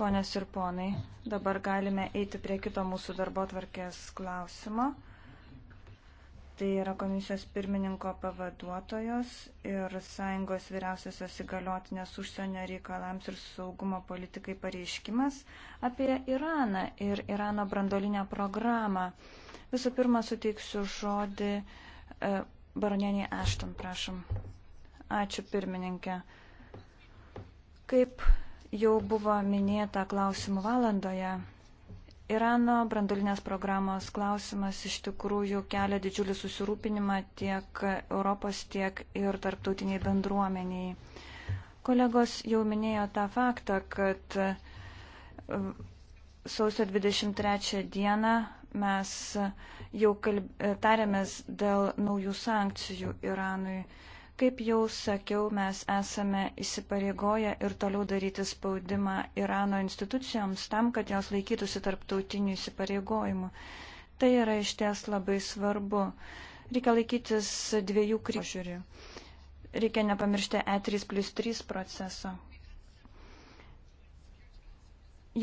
Ponios ir ponai, dabar galime eiti prie kito mūsų darbo tvarkės klausimo. Tai yra komisijos pirmininko pavaduotojos ir Sąjungos vyriausiosios įgaliotinės užsienio reikalams ir saugumo politikai pareiškimas apie Iraną ir Irano brandolinę programą. Visų pirma, suteiksiu žodį e, baronieniai Ashton, prašom. Ačiū pirmininkė. Kaip jau buvo minėta klausimų valandoje. Irano brandulinės programos klausimas iš tikrųjų kelia didžiulį susirūpinimą tiek Europos, tiek ir tarptautiniai bendruomeniai. Kolegos jau minėjo tą faktą, kad uh, sausio 23 dieną mes jau kalb... tarėmės dėl naujų sankcijų Iranui. Kaip jau sakiau, mes esame įsipareigoję ir toliau daryti spaudimą Irano institucijoms tam, kad jos laikytųsi tarptautinių įsipareigojimų. Tai yra iš ties labai svarbu. Reikia laikytis dviejų kryžių. Reikia nepamiršti E3 plus 3 proceso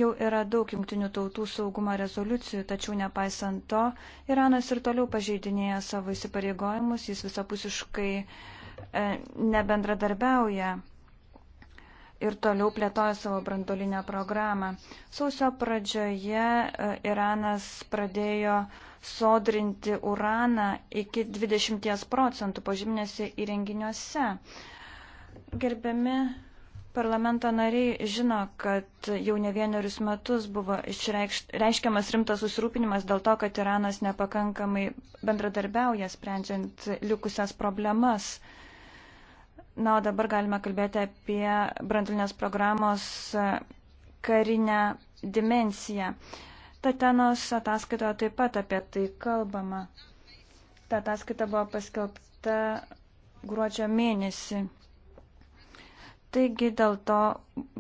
jau yra daug jungtinių tautų saugumo rezoliucijų, tačiau nepaisant to, Iranas ir toliau pažeidinėja savo įsipareigojimus, jis visapusiškai E, nebendradarbiauja ir toliau plėtoja savo brandolinę programą. Sausio pradžioje e, Iranas pradėjo sodrinti uraną iki 20 procentų požyminėse įrenginiuose. Gerbiami parlamento nariai žino, kad jau ne vienerius metus buvo išreiškiamas rimtas susirūpinimas dėl to, kad Iranas nepakankamai bendradarbiauja sprendžiant likusias problemas. Na, o dabar galime kalbėti apie brandulinės programos e, karinę dimensiją. Tatenos ataskaitoje taip pat apie tai kalbama. Ta ataskaita buvo paskelbta gruodžio mėnesį. Taigi dėl to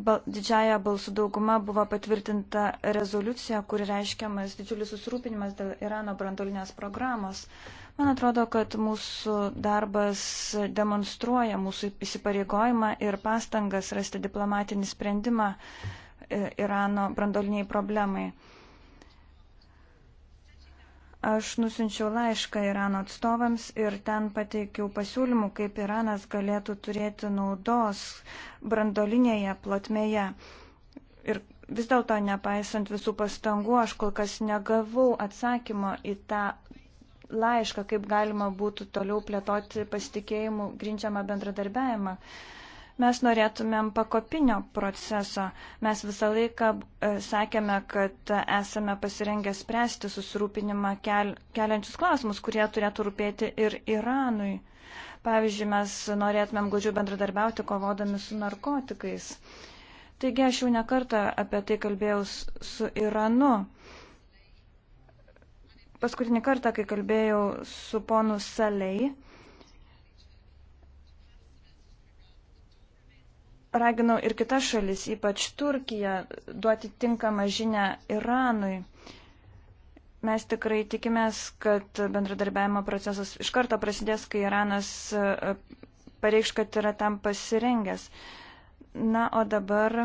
bal, didžiaja balsų dauguma buvo patvirtinta rezoliucija, kuri reiškiamas didžiulis susirūpinimas dėl Irano brandolinės programos. Man atrodo, kad mūsų darbas demonstruoja mūsų įsipareigojimą ir pastangas rasti diplomatinį sprendimą e, Irano brandoliniai problemai. Aš nusinčiau laišką Irano atstovams ir ten pateikiau pasiūlymų, kaip Iranas galėtų turėti naudos brandolinėje plotmėje. Ir vis dėlto, nepaisant visų pastangų, aš kol kas negavau atsakymo į tą laišką, kaip galima būtų toliau plėtoti pasitikėjimų grindžiamą bendradarbiavimą. Mes norėtumėm pakopinio proceso. Mes visą laiką e, sakėme, kad esame pasirengę spręsti susirūpinimą kel, keliančius klausimus, kurie turėtų rūpėti ir Iranui. Pavyzdžiui, mes norėtumėm glaudžiau bendradarbiauti kovodami su narkotikais. Taigi aš jau nekartą apie tai kalbėjau su Iranu paskutinį kartą, kai kalbėjau su ponu Salei, raginau ir kitas šalis, ypač Turkiją, duoti tinkamą žinę Iranui. Mes tikrai tikimės, kad bendradarbiavimo procesas iš karto prasidės, kai Iranas e, pareikš, kad yra tam pasirengęs. Na, o dabar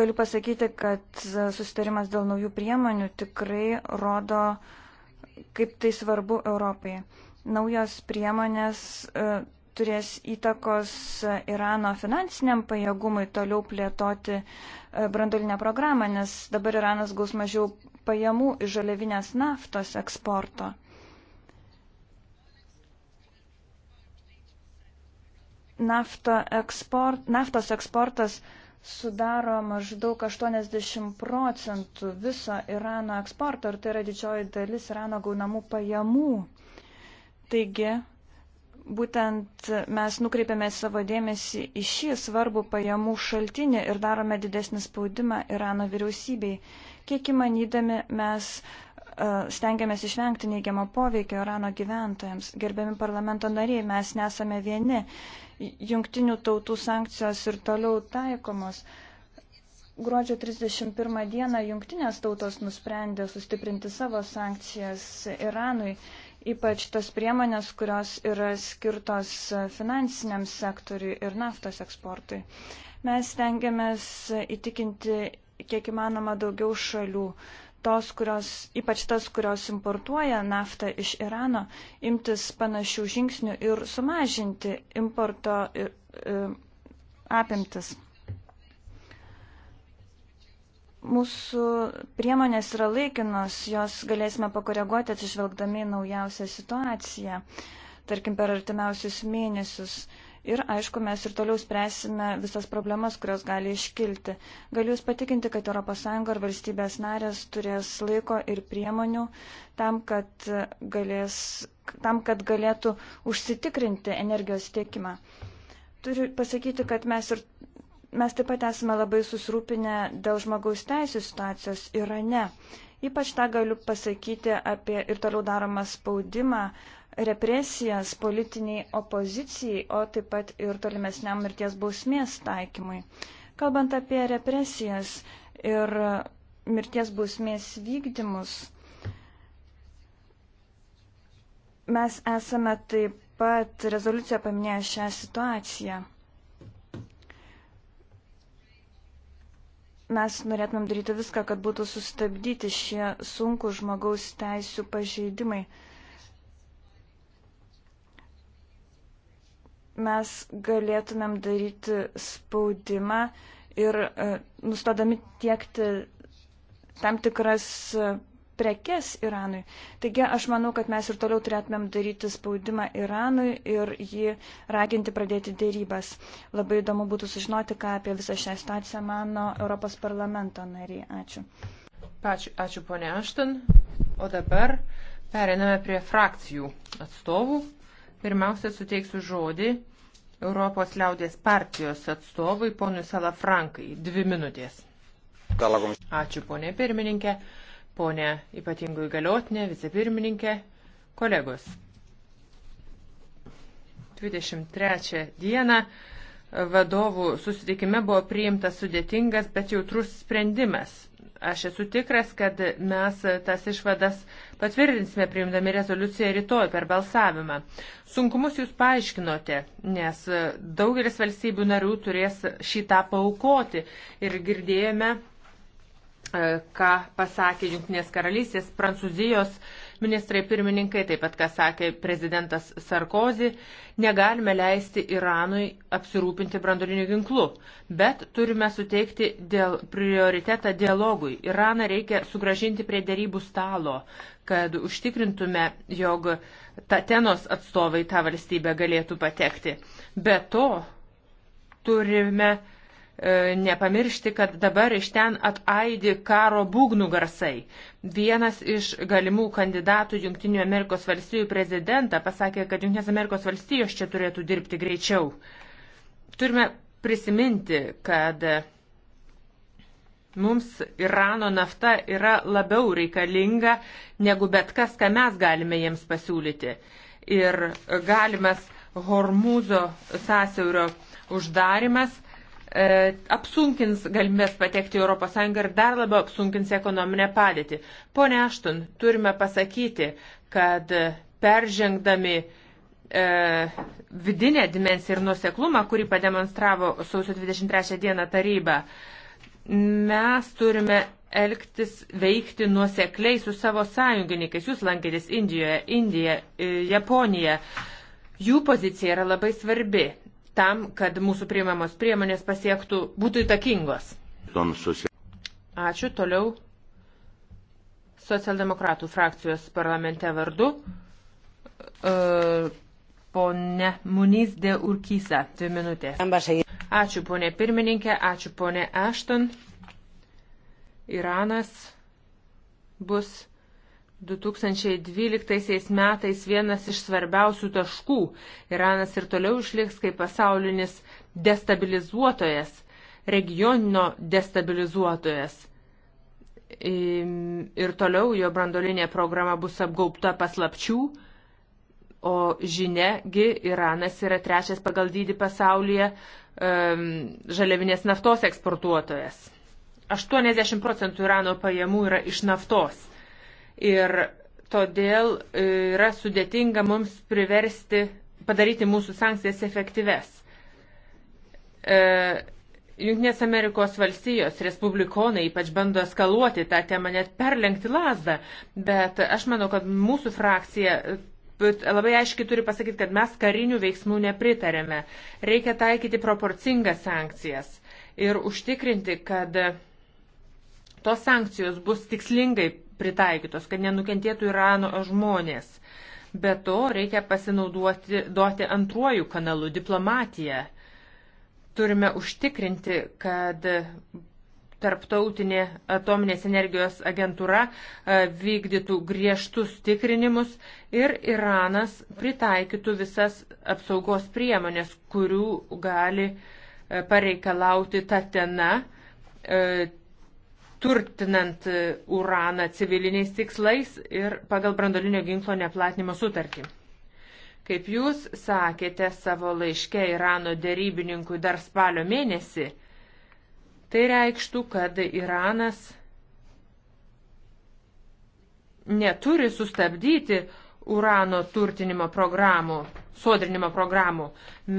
Galiu pasakyti, kad susitarimas dėl naujų priemonių tikrai rodo, kaip tai svarbu Europai. Naujos priemonės e, turės įtakos Irano finansiniam pajėgumui toliau plėtoti e, brandolinę programą, nes dabar Iranas gaus mažiau pajamų iš žaliavinės naftos eksporto. Nafto eksport, naftos eksportas sudaro maždaug 80 procentų viso Irano eksporto ir tai yra didžioji dalis Irano gaunamų pajamų. Taigi, būtent mes nukreipiame savo dėmesį į šį svarbų pajamų šaltinį ir darome didesnį spaudimą Irano vyriausybei. Kiek įmanydami mes E, stengiamės išvengti neigiamo poveikio Irano gyventojams. Gerbiami parlamento nariai, mes nesame vieni. Jungtinių tautų sankcijos ir toliau taikomos. Gruodžio 31 dieną jungtinės tautos nusprendė sustiprinti savo sankcijas Iranui, ypač tos priemonės, kurios yra skirtos finansiniam sektoriui ir naftos eksportui. Mes tengiamės įtikinti kiek įmanoma daugiau šalių tos, kurios, ypač tas, kurios importuoja naftą iš Irano, imtis panašių žingsnių ir sumažinti importo apimtis. Mūsų priemonės yra laikinos, jos galėsime pakoreguoti atsižvelgdami naujausią situaciją, tarkim per artimiausius mėnesius. Uh, Ir aišku, mes ir toliau spręsime visas problemas, kurios gali iškilti. Galiu Jūs patikinti, kad ES ir valstybės narės turės laiko ir priemonių tam, kad, galės, tam, kad galėtų užsitikrinti energijos tiekimą. Turiu pasakyti, kad mes, ir, mes taip pat esame labai susirūpinę dėl žmogaus teisų situacijos Irane. Ypač tą galiu pasakyti apie ir toliau daromą spaudimą represijas politiniai opozicijai, o taip pat ir tolimesniam mirties bausmės taikymui. Kalbant apie represijas ir mirties bausmės vykdymus, mes esame taip pat rezoliuciją paminėję šią situaciją. Mes norėtumėm daryti viską, kad būtų sustabdyti šie sunkų žmogaus teisų pažeidimai. mes galėtumėm daryti spaudimą ir e, nustodami tiekti tam tikras e, prekes Iranui. Taigi aš manau, kad mes ir toliau turėtumėm daryti spaudimą Iranui ir jį raginti pradėti dėrybas. Labai įdomu būtų sužinoti, ką apie visą šią situaciją mano Europos parlamento nariai. Ačiū. Ačiū, ačiū ponė Ašton. O dabar periname prie frakcijų atstovų. Pirmiausia, suteiksiu žodį Europos liaudės partijos atstovui ponui Salafrankai. Dvi minutės. Ačiū ponė pirmininkė, ponė ypatingų įgaliotinė, vicepirmininkė, kolegos. 23 dieną vadovų susitikime buvo priimtas sudėtingas, bet jautrus sprendimas Aš esu tikras, kad mes tas išvadas patvirtinsime priimdami rezoliuciją rytoj per balsavimą. Sunkumus jūs paaiškinote, nes daugelis valstybių narių turės šitą paukoti ir girdėjome, e, ką pasakė Junktinės karalystės, Prancūzijos ministrai pirmininkai, taip pat, ką sakė prezidentas Sarkozy, negalime leisti Iranui apsirūpinti brandoliniu ginklu, bet turime suteikti dėl prioritetą dialogui. Iraną reikia sugražinti prie dėrybų stalo, kad užtikrintume, jog Tatenos atstovai tą valstybę galėtų patekti. Be to, turime E, nepamiršti, kad dabar iš ten ataidi karo būgnų garsai. Vienas iš galimų kandidatų Junktinių Amerikos valstijų prezidentą pasakė, kad Junktinės Amerikos valstijos čia turėtų dirbti greičiau. Turime prisiminti, kad mums Irano nafta yra labiau reikalinga negu bet kas, ką mes galime jiems pasiūlyti. Ir galimas Hormūzo sąsiaurio uždarimas E, apsunkins galimybės patekti į ES ir dar labiau apsunkins ekonominę padėtį. Pone Aštun, turime pasakyti, kad peržengdami e, vidinę dimensiją ir nuseklumą, kurį pademonstravo sausio 23 dieną taryba, mes turime elgtis, veikti nuosekliai su savo sąjungininkais. Jūs lankėtės Indijoje, Indija, e, Japonija. Jų pozicija yra labai svarbi tam, kad mūsų priimamos priemonės pasiektų, būtų įtakingos. Ačiū. Toliau socialdemokratų frakcijos parlamente vardu. E, pone Muniz de Urkysa, dvi minutės. Ačiū, ponė pirmininkė, ačiū, ponė Ashton. Iranas bus 2012 metais vienas iš svarbiausių taškų. Iranas ir toliau išliks kaip pasaulinis destabilizuotojas, regioninio destabilizuotojas. Ir toliau jo brandolinė programa bus apgaubta paslapčių, o žiniagi Iranas yra trečias pagal dydį pasaulyje um, žaliavinės naftos eksportuotojas. 80 procentų Irano pajamų yra iš naftos Ir todėl e, yra sudėtinga mums priversti padaryti mūsų sankcijas efektyves. E, Junktinės Amerikos valstijos respublikonai ypač bando eskaluoti tą temą, net perlenkti lasdą, bet aš manau, kad mūsų frakcija e, labai aiškiai turi pasakyti, kad mes karinių veiksmų nepritarėme. Reikia taikyti proporcingas sankcijas ir užtikrinti, kad tos sankcijos bus tikslingai pritaikytos, kad nenukentėtų Irano žmonės. Be to reikia pasinaudoti duoti antruoju kanalu - diplomatiją. Turime užtikrinti, kad tarptautinė atominės energijos agentūra e, vykdytų griežtus tikrinimus ir Iranas pritaikytų visas apsaugos priemonės, kurių gali e, pareikalauti Tatena e, turtinant e, uraną civiliniais tikslais ir pagal brandolinio ginklo neplatinimo sutartį. Kaip jūs sakėte savo laiške Irano dėrybininkui dar spalio mėnesį, tai reikštų, kad Iranas neturi sustabdyti urano turtinimo programų, sodrinimo programų.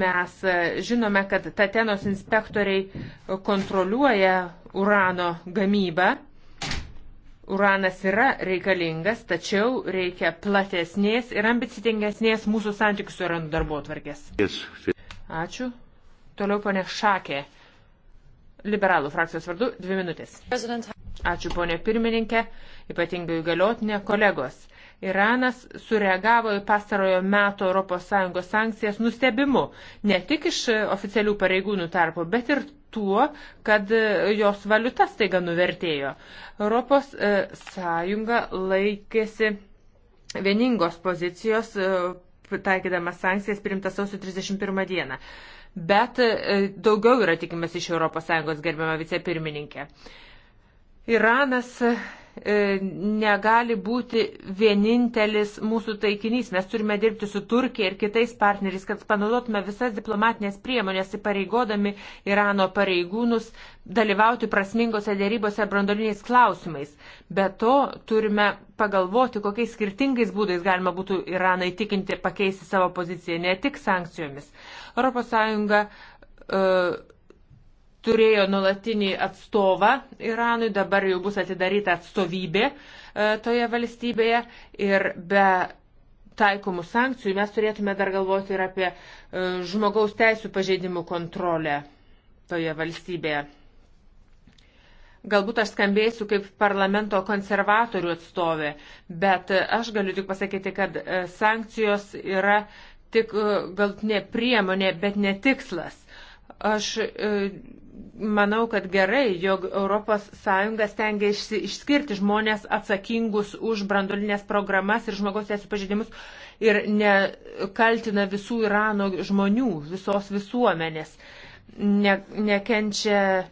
Mes e, žinome, kad Tatenos inspektoriai e, kontroliuoja urano gamybą. Uranas yra reikalingas, tačiau reikia platesnės ir ambicitingesnės mūsų santykių su uranu darbo tvarkės. Ačiū. Toliau ponė Šakė. Liberalų frakcijos vardu dvi minutės. Ačiū ponė pirmininkė, ypatingai galiotinė kolegos. Iranas sureagavo į pastarojo meto ES sankcijas nustebimu, ne tik iš e, oficialių pareigūnų tarpo, bet ir tuo, kad e, jos valiuta staiga nuvertėjo. ES e, laikėsi vieningos pozicijos, taikydamas sankcijas primtas sausio 31 dieną. Bet daugiau yra tikimas iš ES gerbiama vicepirmininkė. Iranas E, negali būti vienintelis mūsų taikinys. Mes turime dirbti su Turkija ir kitais partneriais, kad panaudotume visas diplomatinės priemonės, įpareigodami Irano pareigūnus dalyvauti prasmingose dėrybose brandoliniais klausimais. Be to turime pagalvoti, kokiais skirtingais būdais galima būtų Iraną įtikinti pakeisti savo poziciją, ne tik sankcijomis. ES uh, turėjo nulatinį atstovą Iranui, dabar jau bus atidaryta atstovybė e, toje valstybėje ir be taikomų sankcijų mes turėtume dar galvoti ir apie e, žmogaus teisų pažeidimų kontrolę toje valstybėje. Galbūt aš skambėsiu kaip parlamento konservatorių atstovė, bet aš galiu tik pasakyti, kad e, sankcijos yra tik galtinė priemonė, bet netikslas. Aš manau, kad gerai, jog ES stengiasi išskirti žmonės atsakingus už brandolinės programas ir žmogaus teisų pažeidimus ir nekaltina visų Irano žmonių, visos visuomenės, ne, nekenčia e,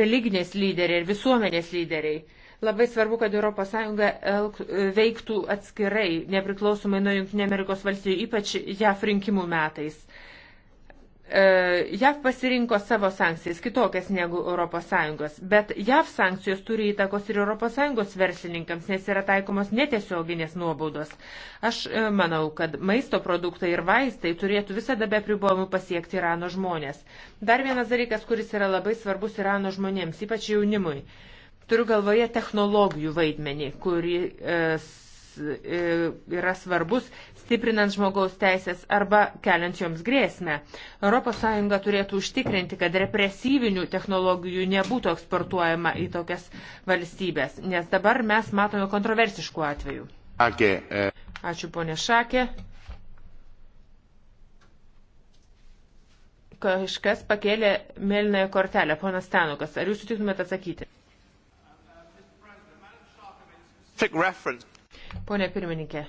religinės lyderiai ir visuomenės lyderiai. Labai svarbu, kad ES veiktų atskirai, nepriklausomai nuo JAV, ypač JAF rinkimų metais E, JAV pasirinko savo sankcijas kitokias negu ES, bet JAV sankcijos turi įtakos ir ES verslininkams, nes yra taikomos netiesioginės nuobaudos. Aš e, manau, kad maisto produktai ir vaistai turėtų visada be pribojimų pasiekti Irano žmonės. Dar vienas dalykas, kuris yra labai svarbus Irano žmonėms, ypač jaunimui. Turiu galvoje technologijų vaidmenį, kuris e, E, yra svarbus, stiprinant žmogaus teisės arba keliant joms grėsmę. ES turėtų užtikrinti, kad represyvinių technologijų nebūtų eksportuojama į tokias valstybės, nes dabar mes matome kontroversiškų atvejų. E. Ačiū, ponė Šakė. Kažkas pakėlė mėlynąją kortelę, ponas Stanukas. Ar jūs sutiktumėte atsakyti? specific reference Pone pirmininkė.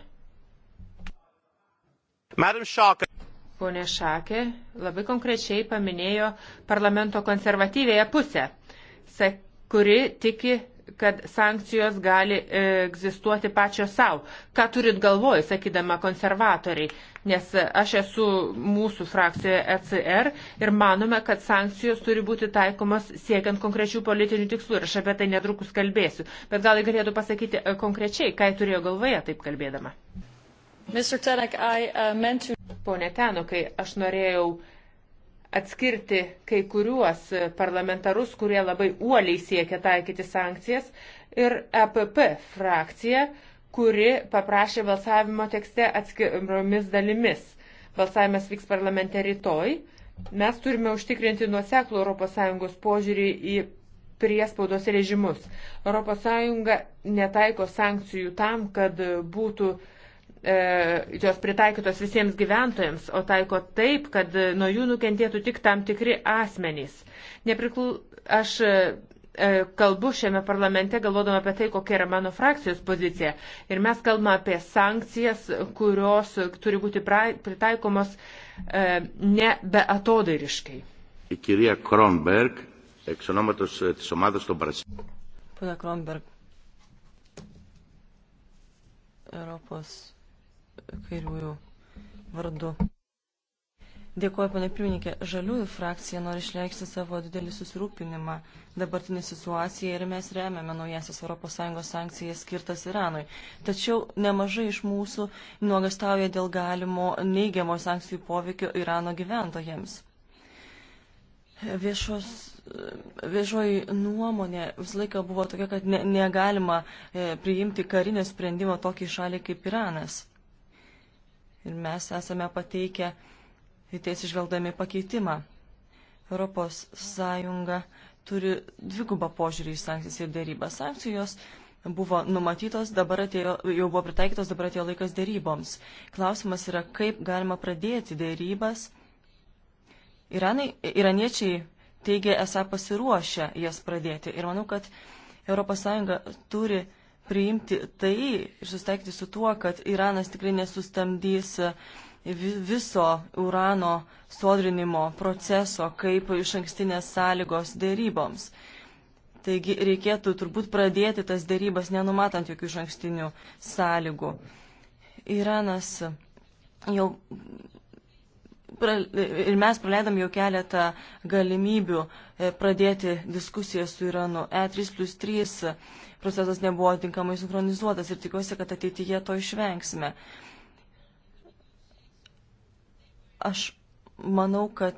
Madam Šakė. Pone Šakė labai konkrečiai paminėjo parlamento konservatyvėje pusę, kuri tiki kad sankcijos gali e, egzistuoti pačios savo. Ką turit galvoj, sakydama konservatoriai? Nes aš esu mūsų frakcijoje ECR ir manome, kad sankcijos turi būti taikomas siekiant konkrečių politinių tikslų ir aš apie tai netrukus kalbėsiu. Bet gal galėtų pasakyti e, konkrečiai, ką turėjo galvoje taip kalbėdama. Tenek, I, uh, to... Pone Tenukai, aš norėjau atskirti kai kuriuos parlamentarus, kurie labai uoliai siekia taikyti sankcijas, ir EPP frakciją, kuri paprašė balsavimo tekste atskiromis dalimis. Balsavimas vyks parlamente rytoj. Mes turime užtikrinti nuoseklų ES požiūrį į priespaudos režimus. ES netaiko sankcijų tam, kad būtų uh, E, jos pritaikytos visiems gyventojams, o taiko taip, kad nuo jų nukentėtų tik tam tikri asmenys. Nepriklu... Aš e, e, kalbu šiame parlamente, galvodama apie tai, kokia yra mano frakcijos pozicija. Ir mes kalbame apie sankcijas, kurios turi būti pritaikomos ne be atodairiškai. Κυρία Κρόνμπεργκ, εξ ονόματος της ομάδας των Πρασίνων. Κυρία Κρόνμπεργκ, Europos kairiųjų vardu. Dėkuoju, panai pirmininkė. Žaliųjų frakcija nori išreikšti savo didelį susirūpinimą dabartinį situaciją ir mes remiame naujasias ES sankcijas skirtas Iranui. Tačiau nemažai iš mūsų nuogastauja dėl galimo neigiamo sankcijų poveikio Irano gyventojams. Viešos, viešoji nuomonė visą laiką buvo tokia, kad ne, negalima e, priimti karinio sprendimo tokiai šaliai kaip Iranas ir mes esame pateikę į tai atsižvelgdami pakeitimą. Europos Sąjunga turi dvigubą požiūrį į sankcijas ir dėrybą. Sankcijos buvo numatytos, dabar atėjo, jau buvo pritaikytos, dabar atėjo laikas dėryboms. Klausimas yra, kaip galima pradėti dėrybas. Iranai, iraniečiai teigia esą pasiruošę jas pradėti. Ir manau, kad ES turi priimti tai ir susitaikyti su tuo, kad Iranas tikrai nesustamdys e, viso urano sodrinimo proceso kaip iš ankstinės sąlygos dėryboms. Taigi reikėtų turbūt pradėti tas dėrybas nenumatant jokių iš ankstinių sąlygų. Iranas jau. Pra, ir mes praleidom jau keletą galimybių e, pradėti diskusiją su Iranu. E3 plus 3 procesas nebuvo tinkamai sinchronizuotas ir tikiuosi, kad ateityje to išvengsime. Aš manau, kad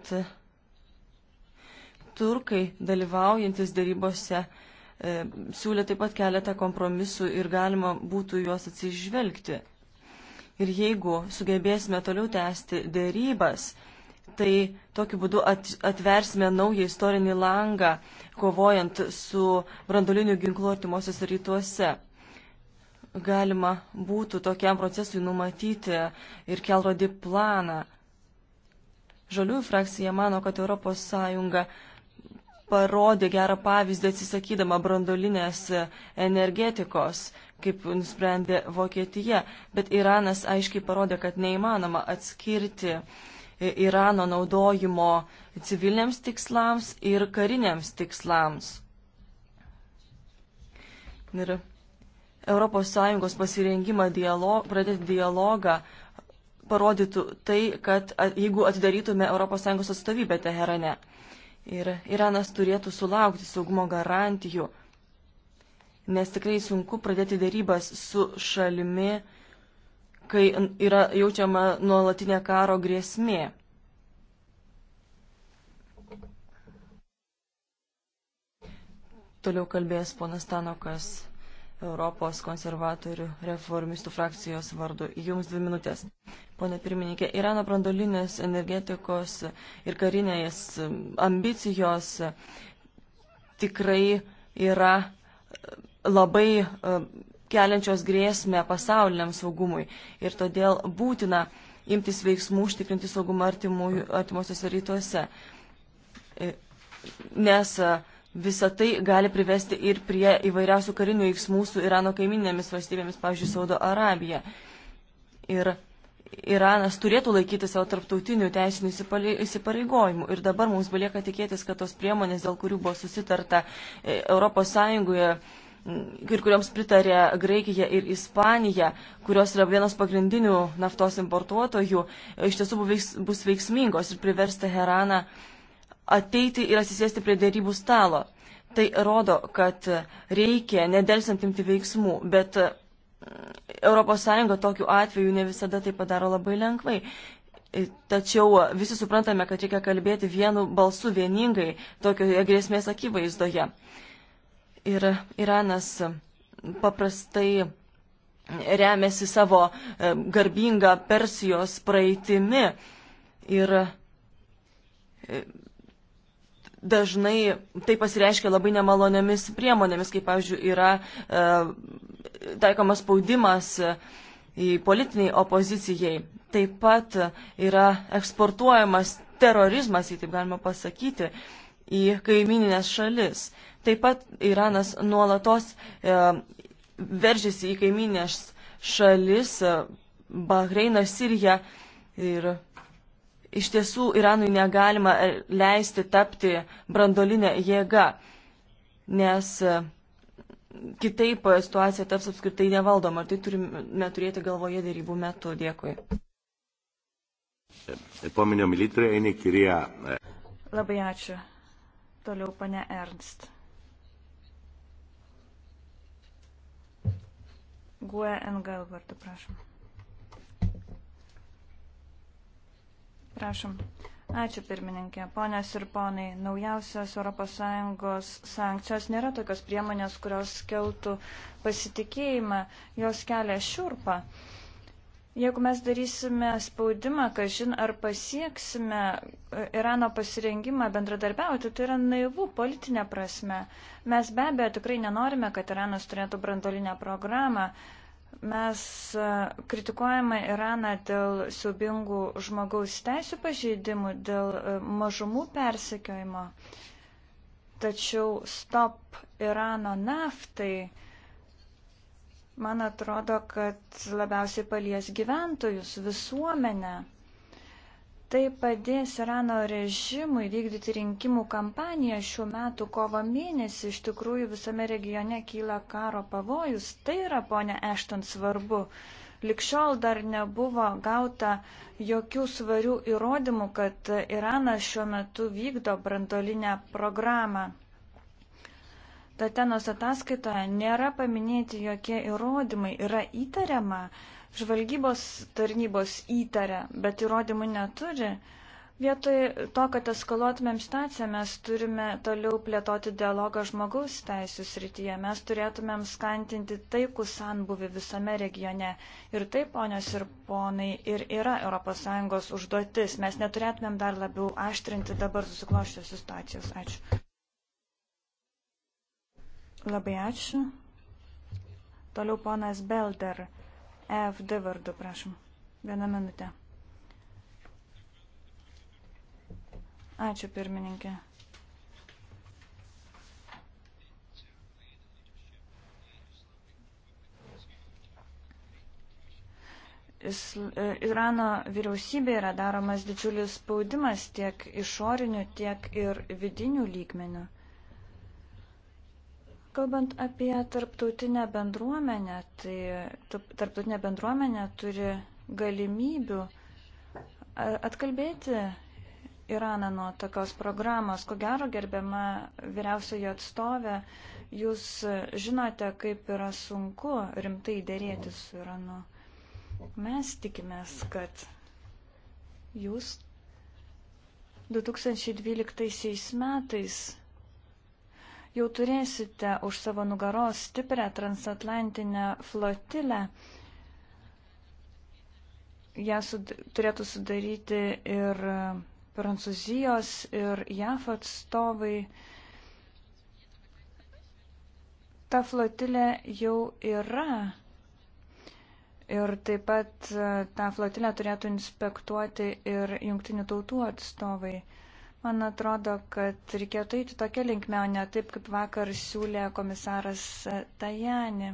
turkai dalyvaujantis dėrybose e, siūlė taip pat keletą kompromisų ir galima būtų juos atsižvelgti. Ir jeigu sugebėsime toliau tęsti dėrybas, tai tokiu būdu atversime naują istorinį langą kovojant su brandoliniu ginklu artimuosiuose rytuose. Galima būtų tokiam procesui numatyti ir kelrodį planą. Žaliųjų frakcija mano, kad ES parodė gerą pavyzdį atsisakydama brandolinės energetikos, kaip nusprendė Vokietija, bet Iranas aiškiai parodė, kad neįmanoma atskirti uh, Irano naudojimo civiliniams tikslams ir kariniams tikslams. Ir ES pasirengimą dialog, pradėti dialogą parodytų tai, kad jeigu atidarytume ES atstovybę Teherane ir Iranas turėtų sulaukti saugumo garantijų, nes tikrai sunku pradėti darybas su šalimi, kai yra jaučiama nuolatinė karo grėsmė. Toliau kalbės ponas Tanokas, Europos konservatorių reformistų frakcijos vardu. Jums dvi minutės. Pone pirmininkė, Irano brandolinės energetikos ir karinės ambicijos tikrai yra labai keliančios grėsmę pasauliniam saugumui. Ir todėl būtina imtis veiksmų užtikrinti saugumą artimuosiuose rytuose. E, nes e, visa tai gali privesti ir prie įvairiausių karinių veiksmų su Irano kaiminėmis valstybėmis, pavyzdžiui, Saudo Arabija. Ir Iranas turėtų laikyti savo tarptautinių teisinių įsipareigojimų. Ir dabar mums belieka tikėtis, kad tos priemonės, dėl kurių buvo susitarta ES, ir kuriuoms pritarė Graikija ir Ispanija, kurios yra vienas pagrindinių naftos importuotojų, iš tiesų bus veiksmingos ir privers Teheraną ateiti ir atsisėsti prie dėrybų stalo. Tai rodo, kad reikia nedelsiant imti veiksmų, bet mm, ES tokiu atveju ne visada tai padaro labai lengvai. Tačiau visi suprantame, kad reikia kalbėti vienu balsu vieningai tokioje grėsmės akivaizdoje ir Iranas paprastai remiasi savo e, garbingą Persijos praeitimi ir e, dažnai tai pasireiškia labai nemaloniomis priemonėmis, kaip, pavyzdžiui, yra e, taikomas spaudimas į politiniai opozicijai. Taip pat yra eksportuojamas terorizmas, jei taip galima pasakyti, į kaimininės šalis. Taip pat Iranas nuolatos e, veržiasi į kaiminės šalis, e, Bahreiną, Siriją ir iš tiesų Iranui negalima e, leisti tapti brandolinę jėgą, nes e, kitaip situacija taps apskritai nevaldoma. Ar tai turime turėti galvoje dėrybų metu? Dėkui. Labai ačiū. Toliau pane Ernst. Guoja NGL vardu, prašom. Prašom. Ačiū pirmininkė. Ponės ir ponai, naujausios ES sankcijos nėra tokios priemonės, kurios keltų pasitikėjimą, jos kelia šiurpą. Uh, Jeigu mes darysime spaudimą, kažin ar pasieksime e, Irano pasirengimą bendradarbiauti, tai yra naivu politinė prasme. Mes be abejo tikrai nenorime, kad Iranas turėtų brandolinę programą. Mes e, kritikuojame Iraną dėl siubingų žmogaus teisų pažeidimų, dėl e, mažumų persekiojimo. Tačiau stop Irano naftai man atrodo, kad labiausiai palies gyventojus, visuomenę. Tai padės Irano režimui vykdyti rinkimų kampaniją šių metų kovo mėnesį. Iš tikrųjų visame regione kyla karo pavojus. Tai yra, ponė Ešton, svarbu. Likščiol dar nebuvo gauta jokių svarių įrodymų, kad Iranas šiuo metu vykdo brandolinę programą. Tatenos ataskaitoje nėra paminėti jokie įrodymai, yra įtariama, žvalgybos tarnybos įtaria, bet įrodymų neturi. Vietoj to, kad eskaluotumėm situaciją, mes turime toliau plėtoti dialogą žmogaus teisų srityje. Mes turėtumėm skantinti taikų sanbuvi visame regione. Ir taip, ponios ir ponai, ir yra ES užduotis. Mes neturėtumėm dar labiau aštrinti dabar susikloščios situacijos. Ačiū. Labai ačiū. Toliau ponas Belder, EFD vardu, prašom. Vieną minutę. Ačiū pirmininkė. E, Irano vyriausybė yra daromas didžiulis spaudimas tiek išoriniu, tiek ir vidiniu lygmeniu. Kalbant apie tarptautinę bendruomenę, tai tarptautinė bendruomenė turi galimybių atkalbėti Iraną nuo tokios programos. Ko gero, gerbiama vyriausioji atstovė, jūs žinote, kaip yra sunku rimtai dėrėti su Iranu. Mes tikimės, kad jūs 2012 metais Jau turėsite už savo nugaros stiprią transatlantinę flotilę. Ja sud turėtų sudaryti ir e, Prancūzijos, ir JAF atstovai ta flotilė jau yra. Ir taip pat e, tą flotilę turėtų inspektuoti ir jungtinių tautų atstovai. Man atrodo, kad reikėtų eiti tokia linkme, o ne taip, kaip vakar siūlė komisaras Tajani.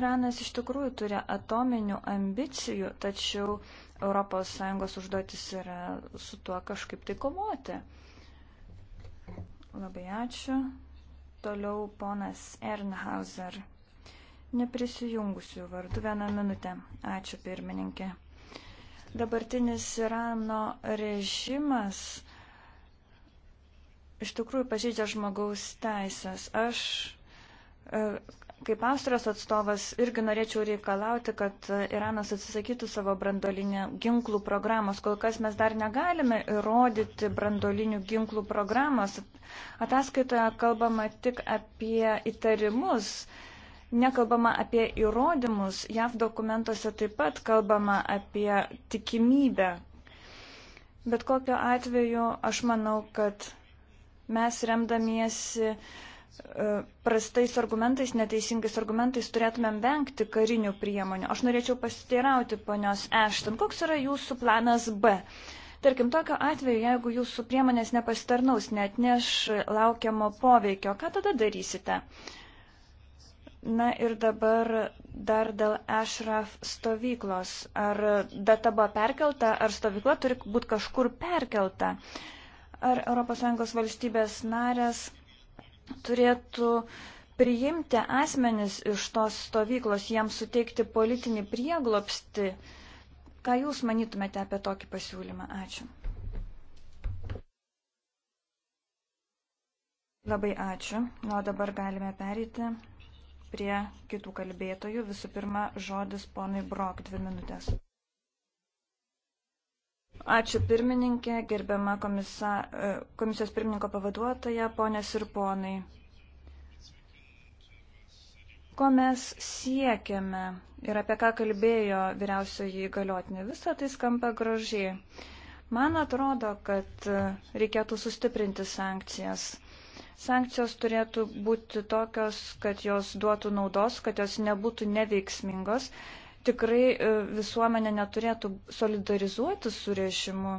Iranas iš tikrųjų turi atominių ambicijų, tačiau ES užduotis yra su tuo kažkaip tai kovoti. Labai ačiū. Toliau ponas Ernhauser neprisijungusių vardu vieną minutę. Ačiū pirmininkė. Dabartinis Irano režimas iš tikrųjų pažydžia žmogaus teisės. Aš e, kaip Austrijos atstovas irgi norėčiau reikalauti, kad Iranas atsisakytų savo brandolinę ginklų programos. Kol kas mes dar negalime įrodyti brandolinių ginklų programos. Ataskaitoje kalbama tik apie įtarimus Nekalbama apie įrodymus, JAV dokumentuose taip pat kalbama apie tikimybę. Bet kokiu atveju aš manau, kad mes remdamiesi e, prastais argumentais, neteisingais argumentais turėtumėm vengti karinių priemonių. Aš norėčiau pasiteirauti ponios Ešton, koks yra jūsų planas B? Tarkim, tokio atveju, jeigu jūsų priemonės nepasitarnaus, net neš laukiamo poveikio, ką tada darysite? Uh, Na ir dabar dar dėl Ashraf stovyklos. Ar data buvo perkelta, ar stovykla turi būti kažkur perkelta? Ar ES valstybės narės turėtų priimti asmenis iš tos stovyklos, jiems suteikti politinį prieglopsti? Ką Jūs manytumėte apie tokį pasiūlymą? Ačiū. Labai ačiū. Na, o dabar galime perėti prie kitų kalbėtojų. Visų pirma, žodis ponui Brok, dvi minutės. Ačiū pirmininkė, gerbiama komisa, e, komisijos pirmininko pavaduotoja, ponės ir ponai. Ko mes siekiame ir apie ką kalbėjo vyriausioji įgaliotinė, visą tai skamba gražiai. Man atrodo, kad e, reikėtų sustiprinti sankcijas Sankcijos turėtų būti tokios, kad jos duotų naudos, kad jos nebūtų neveiksmingos. Tikrai e, visuomenė neturėtų solidarizuoti su režimu.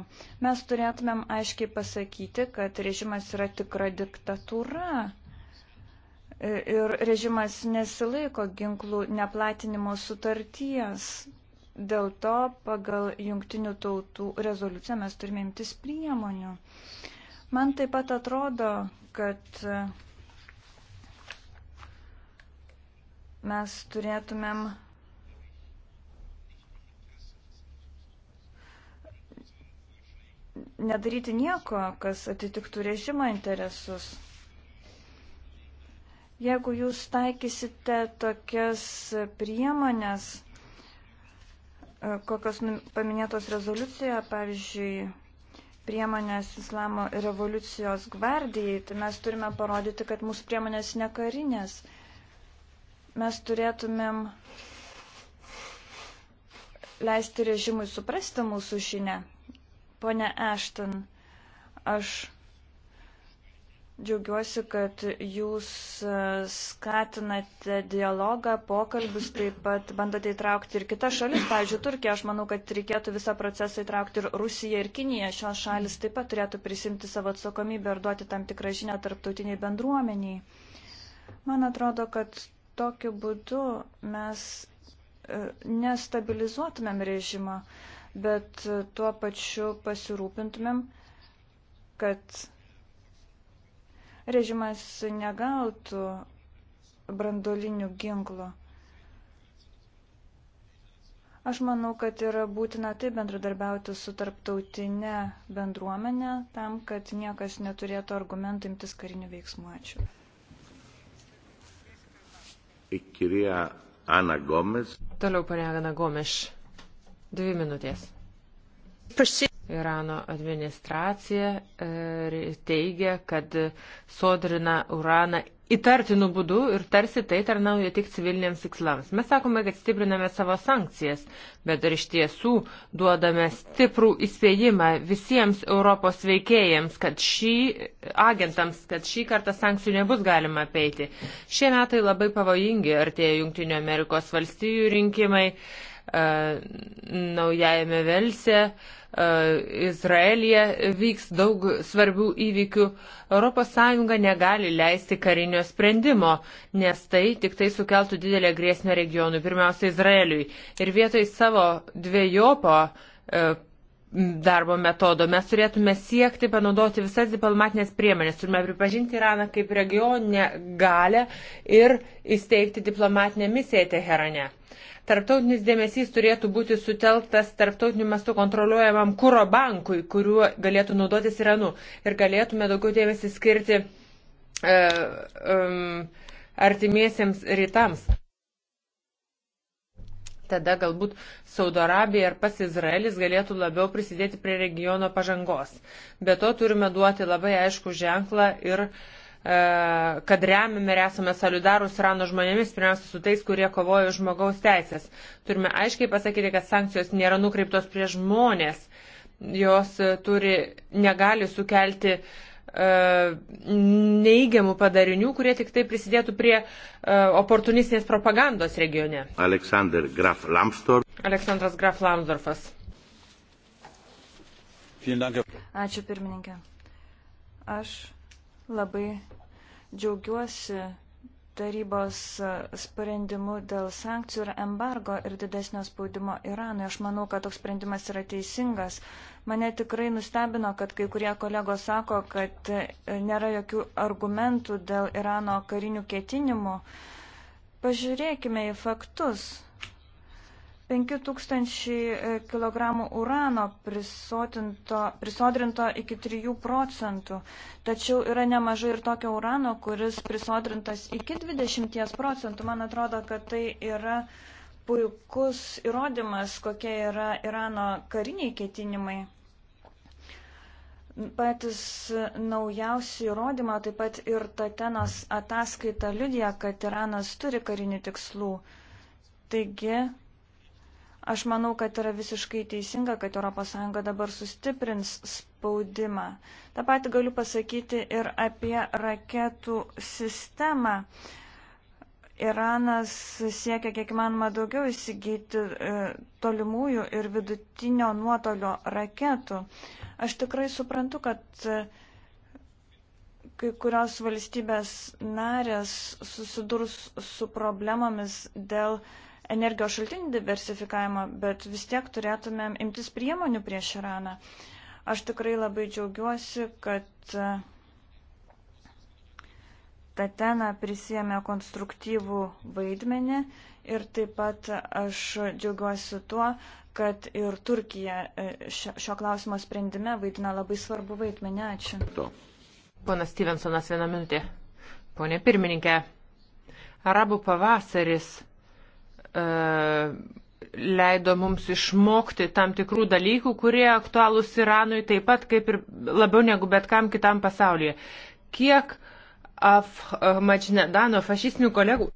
Mes turėtumėm aiškiai pasakyti, kad režimas yra tikra diktatūra. E, ir režimas nesilaiko ginklų neplatinimo sutarties. Dėl to pagal jungtinių tautų rezoliuciją mes turime imtis priemonių. Man taip pat atrodo, kad mes turėtumėm nedaryti nieko, kas atitiktų režimo interesus. Jeigu jūs taikysite tokias priemonės, kokios nu- paminėtos rezoliucijoje, pavyzdžiui, priemonės Islamo revoliucijos gvardijai, tai mes turime parodyti, kad mūsų priemonės nekarinės. Mes turėtumėm leisti režimui suprasti mūsų žinę. Pone Ashton, aš Džiaugiuosi, kad jūs e, skatinate dialogą, pokalbius, taip pat bandote įtraukti ir kitas šalis, pavyzdžiui, Turkiją. Aš manau, kad reikėtų visą procesą įtraukti ir Rusiją, ir Kiniją. Šios šalis taip pat turėtų prisimti savo atsakomybę ir duoti tam tikrą žinią tarptautiniai bendruomeniai. Man atrodo, kad tokiu būdu mes e, nestabilizuotumėm režimą, bet e, tuo pačiu pasirūpintumėm, kad režimas negautų brandolinių ginklų. Aš manau, kad yra būtina taip bendradarbiauti su tarptautinė bendruomenė, tam, kad niekas neturėtų argumentų imtis karinių veiksmų. Ačiū. E, kirija Ana Gomes. Toliau ponia Ana Gomes. Dvi minutės. Prašy... Irano administracija e, teigia, kad sodrina uraną įtartinų būdų ir tarsi tai tarnauja tik civiliniams tikslams. Mes sakome, kad stipriname savo sankcijas, bet ir iš tiesų duodame stiprų įspėjimą visiems Europos veikėjams, kad šį agentams, kad šį kartą sankcijų nebus galima apeiti. Šie metai labai pavojingi, artėja Junktinio Amerikos valstijų rinkimai. E, E, naujajame Velsė, e, Izraelija vyks daug svarbių įvykių. ES negali leisti karinio sprendimo, nes tai tik tai sukeltų didelę grėsmę regionui, pirmiausia Izraeliui. Ir vietoj savo dviejopo e, darbo metodo. Mes turėtume siekti panaudoti visas diplomatinės priemonės. Turime pripažinti Iraną kaip regioninę galę ir įsteigti diplomatinę misiją Teherane. Uh, Tarptautinis dėmesys turėtų būti sutelktas tarptautiniu mastu kontroliuojamam kūro bankui, kuriuo galėtų naudotis Iranu. Ir galėtume daugiau dėmesį skirti uh, um, artimiesiems rytams. Tada galbūt Saudo Arabija ir pas Izraelis galėtų labiau prisidėti prie regiono pažangos. Be to turime duoti labai aišku ženklą ir uh, E, kad remiame ir esame solidarūs Irano žmonėmis, pirmiausia, su tais, kurie kovoja už žmogaus teisės. Turime aiškiai pasakyti, kad sankcijos nėra nukreiptos prie žmonės. Jos e, turi, negali sukelti uh, e, neįgiamų padarinių, kurie tik tai prisidėtų prie oportunistinės propagandos regione. Aleksandr Graf Lamstorf. Aleksandras Graf Lamsdorfas. Ačiū pirmininkė. Aš Labai džiaugiuosi tarybos sprendimu dėl sankcijų ir embargo ir didesnio spaudimo Iranui. Aš manau, kad toks sprendimas yra teisingas. Mane tikrai nustebino, kad kai kurie kolegos sako, kad nėra jokių argumentų dėl Irano karinių ketinimų. Pažiūrėkime į faktus. 5000 kg urano prisodrinto iki 3 procentų, tačiau yra nemažai ir tokio urano, kuris prisodrintas iki 20 procentų. Man atrodo, kad tai yra puikus įrodymas, kokie yra Irano kariniai ketinimai. Patys naujausi įrodymai, taip pat ir Tatenos ataskaita liudija, kad Iranas turi karinių tikslų. Taigi, Aš manau, kad yra visiškai teisinga, kad ES dabar sustiprins spaudimą. Ta pati galiu pasakyti ir apie raketų sistemą. Iranas siekia kiek manoma daugiau įsigyti e, tolimųjų ir vidutinio nuotolio raketų. Aš tikrai suprantu, kad e, kai kurios valstybės narės susidurs su problemomis dėl e, energijos šaltinių diversifikavimą, bet vis tiek turėtumėm imtis priemonių prieš Iraną. Aš tikrai labai džiaugiuosi, kad e, Tatena prisėmė konstruktyvų vaidmenį ir taip pat aš džiaugiuosi tuo, kad ir Turkija e, šio klausimo sprendime vaidina labai svarbu vaidmenį. Ačiū. Ponas Stevensonas, vieną minutę. Pone pirmininkė, arabų pavasaris E, leido mums išmokti tam tikrų dalykų, kurie aktualūs Iranui taip pat kaip ir labiau negu bet kam kitam pasaulyje. Kiek Afmačinedano fašistinių kolegų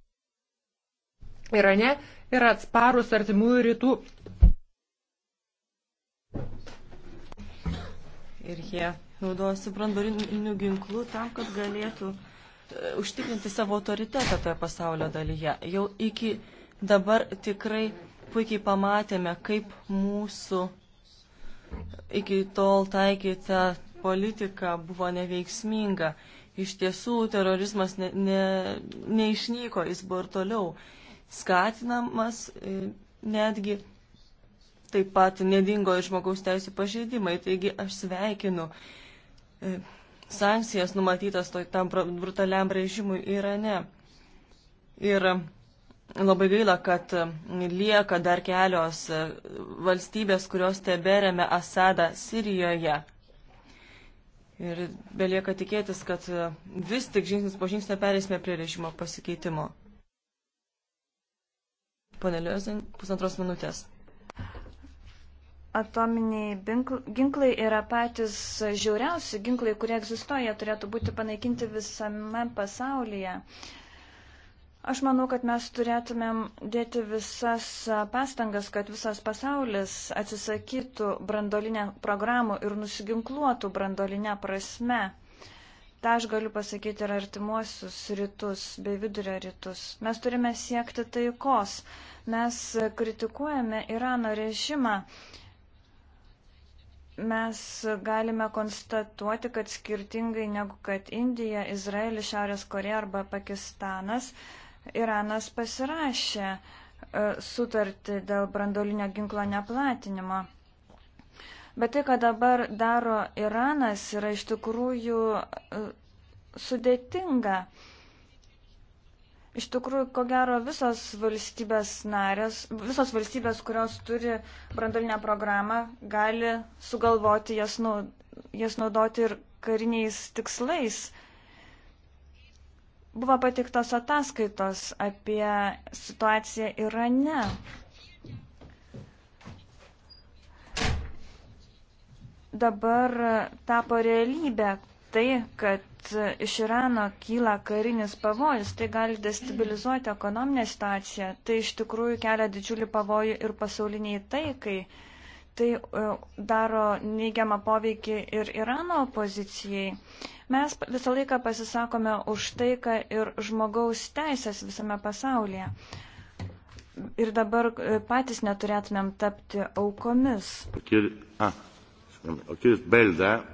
Irane yra atsparus artimųjų rytų. Ir jie naudojasi brandoliniu ginklu tam, kad galėtų e, užtikrinti savo autoritetą toje pasaulio dalyje. Jau iki Dabar tikrai puikiai pamatėme, kaip mūsų iki tol taikyta politika buvo neveiksminga. Iš tiesų, terorizmas ne, ne, neišnyko, jis buvo ir toliau skatinamas e, netgi taip pat nedingo ir žmogaus teisų pažeidimai. Taigi aš sveikinu e, sankcijas numatytas to, tam brutaliam režimui Irane. Ir Labai gaila, kad e, lieka dar kelios e, valstybės, kurios teberėme Asadą Sirijoje. Ir belieka tikėtis, kad e, vis tik žingsnis po žingsnio perėsime prie režimo pasikeitimo. Pane Liozin, pusantros minutės. Atominiai ginklai yra patys žiauriausi ginklai, kurie egzistuoja, turėtų būti panaikinti visame pasaulyje. Uh, Aš manau, kad mes turėtumėm dėti visas pastangas, kad visas pasaulis atsisakytų brandolinę programų ir nusiginkluotų brandolinę prasme. Ta aš galiu pasakyti ir artimuosius rytus bei vidurio rytus. Mes turime siekti taikos. Mes kritikuojame Irano režimą. Mes galime konstatuoti, kad skirtingai negu kad Indija, Izraelis, Šiaurės Koreja arba Pakistanas, Iranas pasirašė e, sutartį dėl brandolinio ginklo neplatinimo. Bet tai, ką dabar daro Iranas, yra iš tikrųjų e, sudėtinga. Iš tikrųjų, ko gero, visos valstybės narės, visos valstybės, kurios turi brandolinę programą, gali sugalvoti jas, naud, jas naudoti ir kariniais tikslais. Buvo patiktos ataskaitos apie situaciją Irane. Dabar tapo realybė tai, kad iš Irano kyla karinis pavojus, tai gali destabilizuoti ekonominę situaciją. Tai iš tikrųjų kelia didžiulį pavojų ir pasauliniai taikai tai e, daro neigiamą poveikį ir Irano opozicijai. Mes visą laiką pasisakome už taiką ir žmogaus teisės visame pasaulyje. Ir dabar e, patys neturėtumėm tapti aukomis. O kiris ah, Belda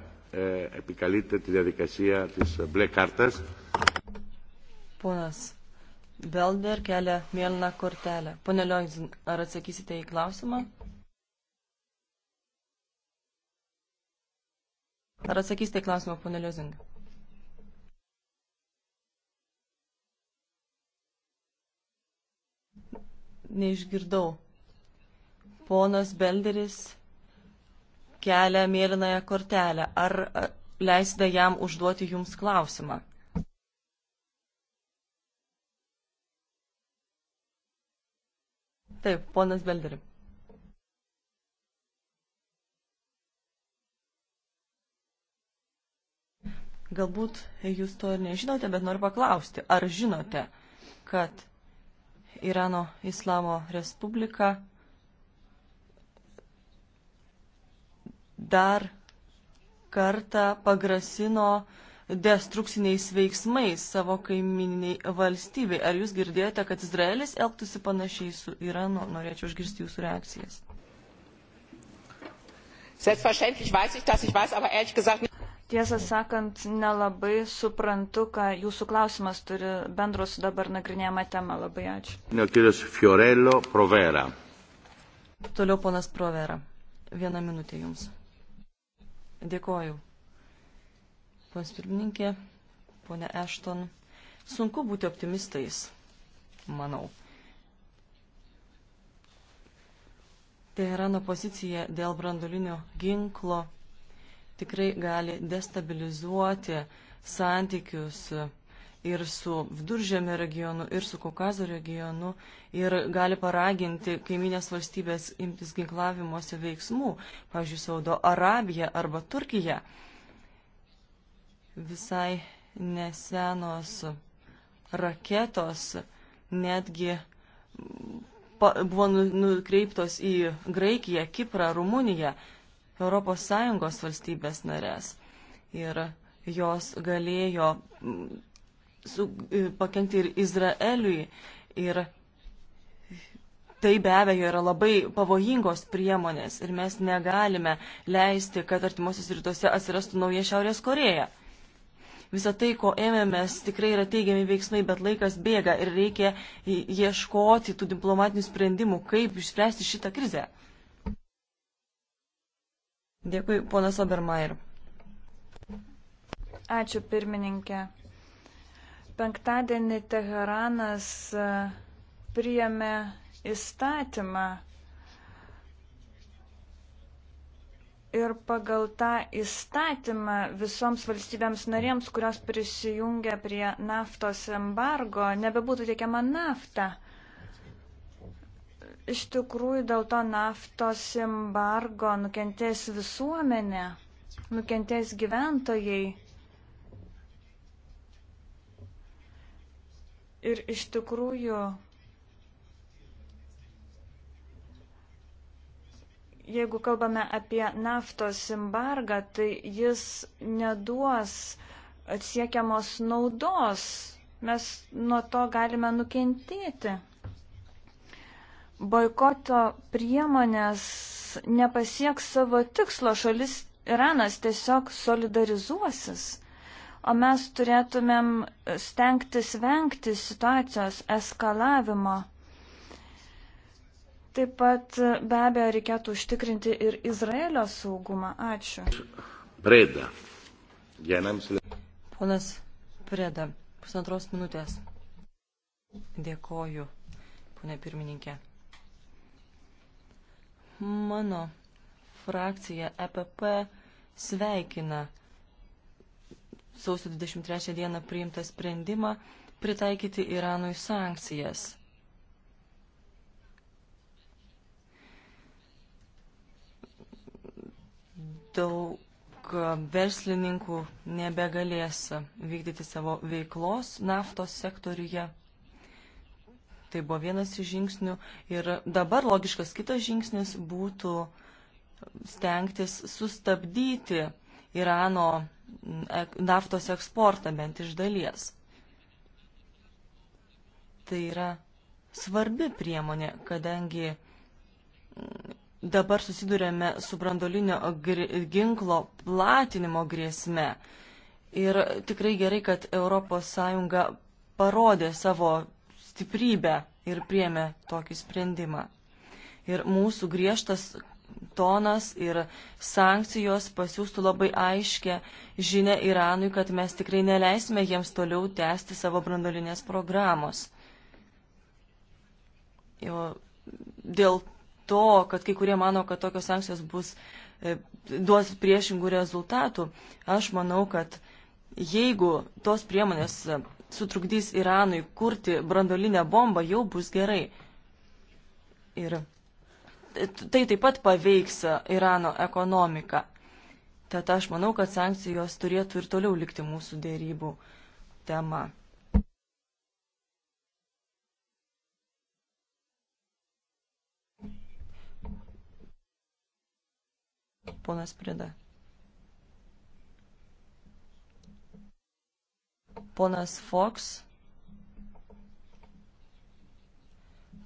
επικαλείται τη διαδικασία της μπλε κάρτας. Ponas Belder kelia mėlyną kortelę. Pone Liojzin, ar atsakysite į klausimą? Ar atsakysite į klausimą, ponė Liozing? Neišgirdau. Ponas Belderis kelia mėlynąją kortelę. Ar leisite jam užduoti jums klausimą? Taip, ponas Belderi. Galbūt jūs to ir nežinote, bet noriu paklausti, ar žinote, kad Irano Islamo Respublika dar kartą pagrasino destrukciniais veiksmais savo kaimininiai valstybei. Ar jūs girdėjote, kad Izraelis elgtųsi panašiai su Iranu? Norėčiau išgirsti jūsų reakcijas. Selbstverständlich weiß ich das, ich weiß aber ehrlich gesagt nicht. Tiesą sakant, nelabai suprantu, ką jūsų klausimas turi bendro su dabar nagrinėjama tema. Labai ačiū. Fiorello Provera. Toliau ponas Provera. Vieną minutę jums. Dėkoju. Pons pirmininkė, ponė Ešton. Sunku būti optimistais, manau. Teherano pozicija dėl brandolinio ginklo tikrai gali destabilizuoti santykius ir su Viduržėmio regionu, ir su Kaukazo regionu, ir gali paraginti kaiminės valstybės imtis ginklavimuose veiksmų, pavyzdžiui, Saudo Arabija arba Turkija. Visai nesenos raketos netgi buvo nu, nukreiptos į Graikiją, Kiprą, Rumuniją. ES valstybės narės. Ir jos galėjo mm, su, e, pakengti ir Izraeliui. Ir tai be abejo yra labai pavojingos priemonės ir mes negalime leisti, kad artimuosius rytuose atsirastų nauja Šiaurės Koreja. Visą tai, ko ėmėmės, tikrai yra teigiami veiksmai, bet laikas bėga ir reikia ieškoti tų diplomatinių sprendimų, kaip išspręsti šitą krizę. Dėkui, ponas Obermair. Ačiū, pirmininkė. Penktadienį Teheranas e, priėmė įstatymą ir pagal tą įstatymą visoms valstybėms narėms, kurios prisijungia prie naftos embargo, nebebūtų tiekiama nafta iš tikrųjų dėl to naftos embargo nukentės visuomenė, nukentės gyventojai. Ir iš tikrųjų, jeigu kalbame apie naftos embargą, tai jis neduos siekiamos naudos. Mes nuo to galime nukentėti boikoto priemonės nepasieks savo tikslo, šalis Iranas tiesiog solidarizuosis, o mes turėtumėm stengtis vengti situacijos eskalavimo. Taip pat be abejo reikėtų užtikrinti ir Izraelio saugumą. Ačiū. Preda. Vienams. Ponas Preda, pusantros minutės. Dėkoju, ponė pirmininkė. Mano frakcija EPP sveikina sausio 23 dieną priimtą sprendimą pritaikyti Iranui sankcijas. Daug verslininkų nebegalės vykdyti savo veiklos naftos sektoriuje. Tai buvo vienas iš žingsnių. Ir dabar logiškas kitas žingsnis būtų stengtis sustabdyti Irano naftos eksportą bent iš dalies. Tai yra svarbi priemonė, kadangi dabar susidurėme su brandolinio ginklo platinimo grėsme. Ir tikrai gerai, kad ES parodė savo stiprybę ir priemė tokį sprendimą. Ir mūsų griežtas tonas ir sankcijos pasiūstų labai aiškę žinę Iranui, kad mes tikrai neleisime jiems toliau tęsti savo brandolinės programos. Jo, dėl to, kad kai kurie mano, kad tokios sankcijos bus, e, duos priešingų rezultatų, aš manau, kad jeigu tos priemonės sutrukdys Iranui kurti brandolinę bombą, jau bus gerai. Ir tai taip pat paveiks Irano ekonomiką. Tad aš manau, kad sankcijos turėtų ir toliau likti mūsų dėrybų tema. Ponas Prida. Ponas Fox.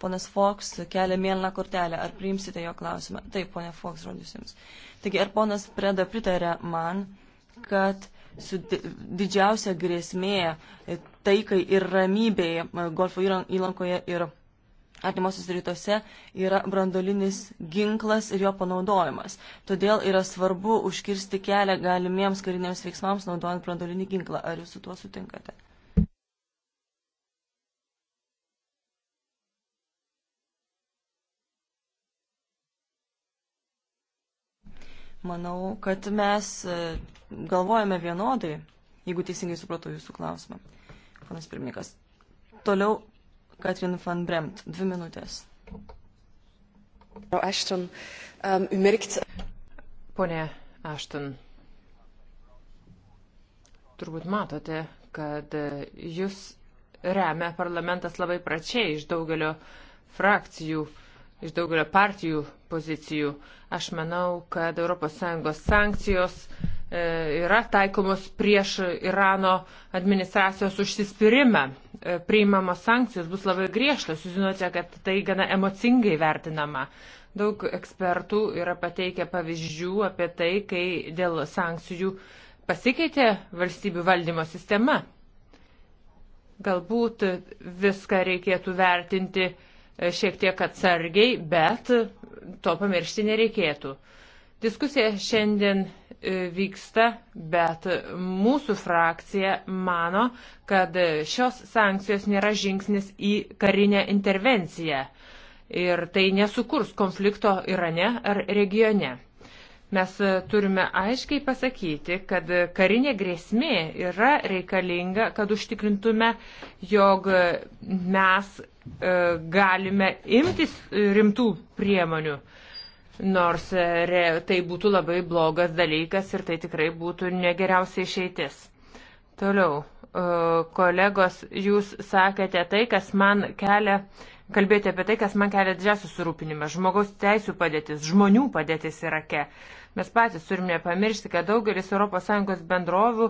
Ponas Fox kelia mėlyną kortelę. Ar priimsite jo klausimą? Taip, ponė Fox, rodys jums. Taigi, ar ponas Preda pritarė man, kad su didžiausia grėsmė taikai ir ramybėje Golfo įlankoje ir Artimuosius rytuose yra brandolinis ginklas ir jo panaudojimas. Todėl yra svarbu užkirsti kelią galimiems kariniams veiksmams naudojant brandolinį ginklą. Ar jūs su tuo sutinkate? Manau, kad mes e, galvojame vienodai, jeigu teisingai supratau jūsų klausimą, panas pirmininkas. Toliau Katrin van Bremt. Dvi minutės. Ähm, Pone Ašton, turbūt matote, kad äh, jūs remia parlamentas labai pračiai iš daugelio frakcijų, iš daugelio partijų pozicijų. Aš manau, kad ES sankcijos E, yra taikomos prieš Irano administracijos užsispyrimą. E, priimamos sankcijos bus labai griežtos, jūs žinote, kad tai gana emocingai vertinama. Daug ekspertų yra pateikę pavyzdžių apie tai, kai dėl sankcijų pasikeitė valstybių valdymo sistema. Galbūt viską reikėtų vertinti e, šiek tiek atsargiai, bet to pamiršti nereikėtų. Diskusija šiandien vyksta, bet mūsų frakcija mano, kad šios sankcijos nėra žingsnis į karinę intervenciją ir tai nesukurs konflikto Irane ar regione. Mes turime aiškiai pasakyti, kad karinė grėsmė yra reikalinga, kad užtikrintume, jog mes e, galime imtis rimtų priemonių nors e, re, tai būtų labai blogas dalykas ir tai tikrai būtų negeriausia išeitis. Toliau, e, kolegos, jūs sakėte tai, kas man kelia, kalbėjote apie tai, kas man kelia didžiausią surūpinimą. Žmogaus teisų padėtis, žmonių padėtis Irake. Mes patys turim nepamiršti, kad daugelis ES bendrovių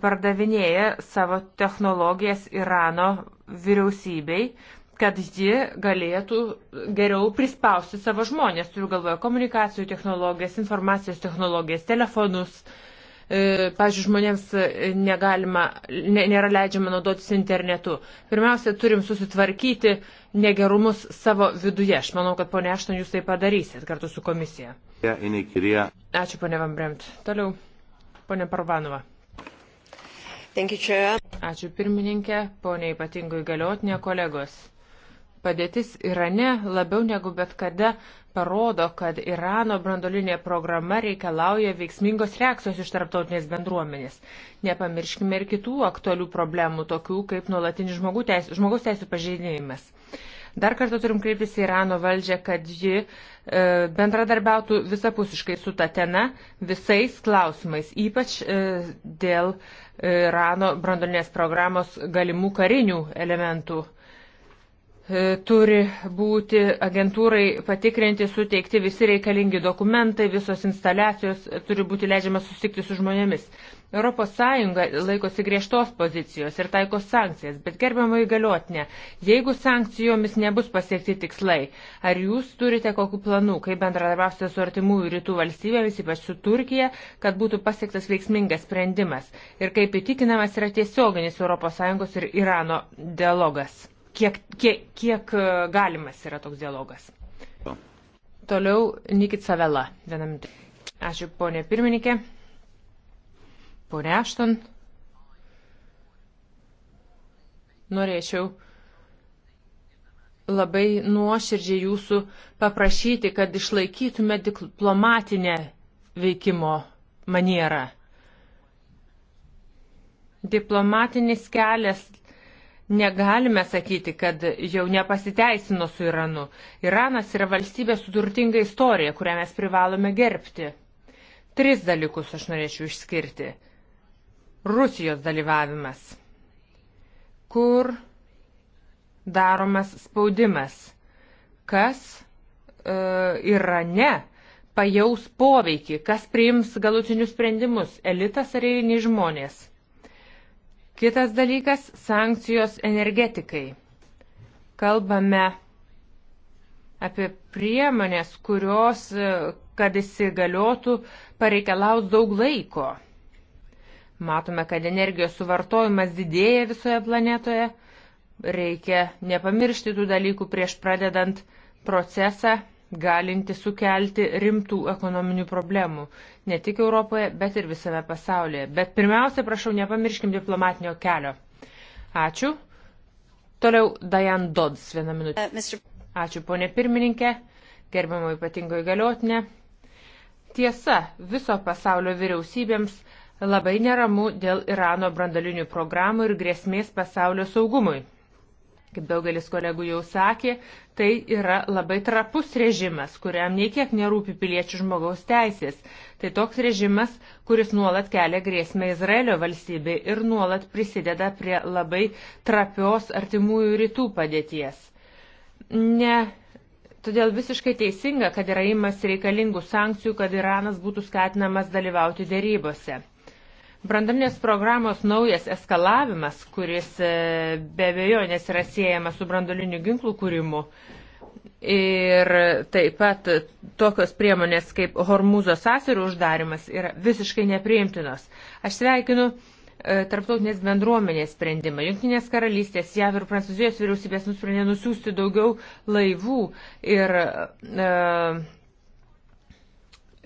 pardavinėja savo technologijas Irano vyriausybei kad ji galėtų geriau prispausti savo žmonės. Turiu galvoje komunikacijų technologijas, informacijos technologijas, telefonus. E, pavyzdžiui, žmonėms negalima, ne, nėra leidžiama naudotis internetu. Pirmiausia, turim susitvarkyti negerumus savo viduje. Aš manau, kad ponia Ašton jūs tai padarysit kartu su komisija. Ačiū, ponia Vambremt. Toliau, ponia Parvanova. Ačiū pirmininkė, ponia ypatingo įgaliotinė kolegos. Padėtis Irane labiau negu bet kada parodo, kad Irano brandolinė programa reikalauja veiksmingos reakcijos iš tarptautinės bendruomenės. Nepamirškime ir kitų aktualių problemų, tokių kaip nuolatinis teis, žmogaus teisų pažeidėjimas. Dar kartą turim kreiptis į Irano valdžią, kad ji e, bendradarbiautų visapusiškai su Tatena visais klausimais, ypač e, dėl e, Irano brandolinės programos galimų karinių elementų. E, E, turi būti agentūrai patikrinti, suteikti visi reikalingi dokumentai, visos instaliacijos e, turi būti leidžiama susitikti su žmonėmis. ES laikosi griežtos pozicijos ir taiko sankcijas, bet gerbiamo įgaliotinė, jeigu sankcijomis nebus pasiekti tikslai, ar jūs turite kokiu planu, kaip bendradarbiausite su artimųjų rytų valstybėmis, ypač su Turkija, kad būtų pasiektas veiksmingas sprendimas ir kaip įtikinamas yra tiesioginis ES ir Irano dialogas? kiek, kiek, kiek e, galimas yra toks dialogas. Toliau Nikit Savela. Vieną minutę. Ačiū, ponė pirmininkė. Pone Ašton. Norėčiau labai nuoširdžiai jūsų paprašyti, kad išlaikytume diplomatinę veikimo manierą. Diplomatinis kelias negalime sakyti, kad jau nepasiteisino su Iranu. Iranas yra valstybė su turtinga istorija, kurią mes privalome gerbti. Tris dalykus aš norėčiau išskirti. Rusijos dalyvavimas, kur daromas spaudimas, kas e, Irane pajaus poveikį, kas priims galutinius sprendimus, elitas ar eiliniai žmonės. Kitas dalykas - sankcijos energetikai. Kalbame apie priemonės, kurios, kad įsigaliotų, pareikalaus daug laiko. Matome, kad energijos suvartojimas didėja visoje planetoje. Reikia nepamiršti tų dalykų prieš pradedant procesą, galinti sukelti rimtų ekonominių problemų ne tik Europoje, bet ir visame pasaulyje. Bet pirmiausia, prašau, nepamirškim diplomatinio kelio. Ačiū. Toliau Diane Dodds vieną minutę. Uh, Ačiū, ponė pirmininkė, gerbiamo ypatingo įgaliotinė. Tiesa, viso pasaulio vyriausybėms labai neramu dėl Irano brandalinių programų ir grėsmės pasaulio saugumui. Kaip daugelis kolegų jau sakė, tai yra labai trapus režimas, kuriam niekiek nerūpi piliečių žmogaus teisės. Tai toks režimas, kuris nuolat kelia grėsmę Izraelio valstybei ir nuolat prisideda prie labai trapios artimųjų rytų padėties. Ne Todėl visiškai teisinga, kad yra įmas reikalingų sankcijų, kad Iranas būtų skatinamas dalyvauti dėrybose. Brandaminės programos naujas eskalavimas, kuris e, be abejonės yra siejamas su brandoliniu ginklų kūrimu. Ir taip pat tokios priemonės kaip Hormūzo sąsirių uždarimas yra visiškai nepriimtinos. Aš sveikinu e, tarptautinės bendruomenės sprendimą. Junktinės karalystės, JAV ir Prancūzijos vyriausybės nusprendė nusiųsti daugiau laivų ir e,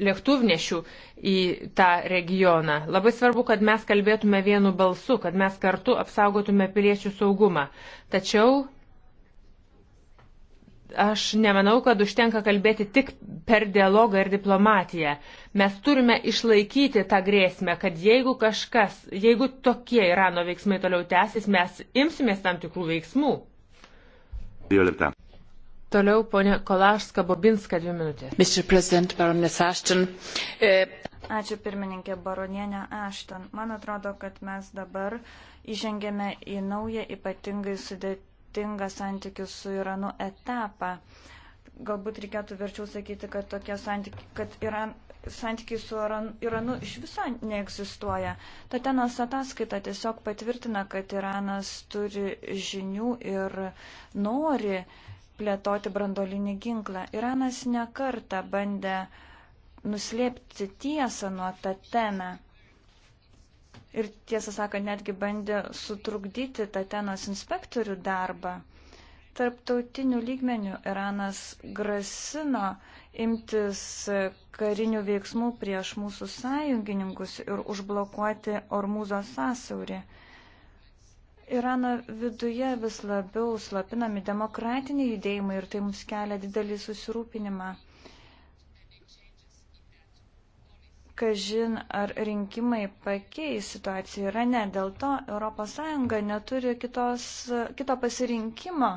lėktuvnešių į tą regioną. Labai svarbu, kad mes kalbėtume vienu balsu, kad mes kartu apsaugotume piliečių saugumą. Tačiau aš nemanau, kad užtenka kalbėti tik per dialogą ir diplomatiją. Mes turime išlaikyti tą grėsmę, kad jeigu kažkas, jeigu tokie Irano veiksmai toliau tęsis, mes imsimės tam tikrų veiksmų. Dvi lėpta. Toliau ponė Kolašska Bobinska dvi minutės. E, Ačiū pirmininkė baronienė Ašton. Man atrodo, kad mes dabar įžengėme į naują ypatingai sudėtingą santykių su Iranu etapą. Galbūt reikėtų verčiau sakyti, kad tokie santykiai, kad Iran, santykiai su Iranu iš viso neegzistuoja. Tatenos ataskaita tiesiog patvirtina, kad Iranas turi žinių ir nori uh, plėtoti brandolinį ginklą. Iranas nekarta bandė nuslėpti tiesą nuo Tatena. Ir tiesą sakant, netgi bandė sutrukdyti Tatenos inspektorių darbą. Tarptautinių lygmenių Iranas grasino imtis karinių veiksmų prieš mūsų sąjungininkus ir užblokuoti Ormūzo sąsiaurį. Irano viduje vis labiau slapinami demokratiniai judėjimai ir tai mums kelia didelį susirūpinimą. Kažin, ar rinkimai pakeis situaciją Irane, dėl to ES neturi kitos, kito pasirinkimo,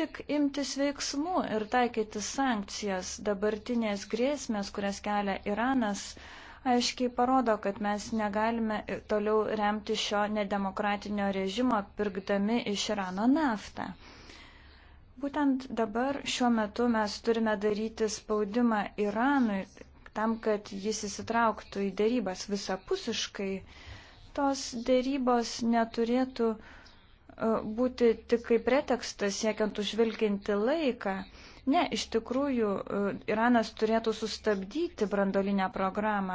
tik imtis veiksmų ir taikyti sankcijas. Dabartinės grėsmės, kurias kelia Iranas, uh, aiškiai parodo, kad mes negalime toliau remti šio nedemokratinio režimo, pirkdami iš Irano naftą. Būtent dabar šiuo metu mes turime daryti spaudimą Iranui tam, kad jis įsitrauktų į dėrybas visapusiškai. Tos dėrybos neturėtų e, būti tik kaip pretekstas siekiant užvilkinti laiką. Ne, iš tikrųjų, e, Iranas turėtų sustabdyti brandolinę programą.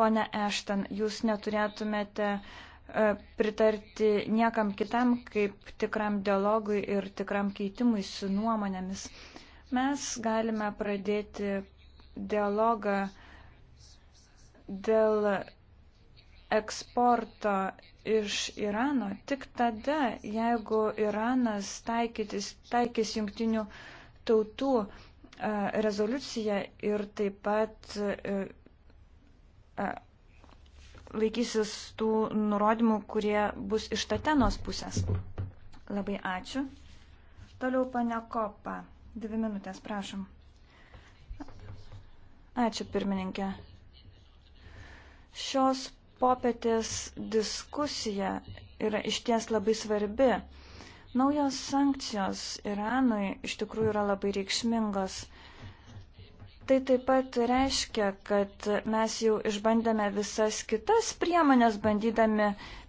Pone Ešten, jūs neturėtumėte e, pritarti niekam kitam, kaip tikram dialogui ir tikram keitimui su nuomonėmis. Mes galime pradėti dialogą dėl eksporto iš Irano tik tada, jeigu Iranas taikytis, taikys jungtinių tautų e, rezoliuciją ir taip pat e, e, laikysis tų nurodymų, kurie bus iš Tatenos pusės. Labai ačiū. Toliau pane Kopa. Dvi minutės, prašom. Ačiū, pirmininkė. Šios popietės diskusija yra išties labai svarbi. Naujos sankcijos Iranui iš tikrųjų yra labai reikšmingos. Tai taip pat reiškia, kad mes jau išbandėme visas kitas priemonės, bandydami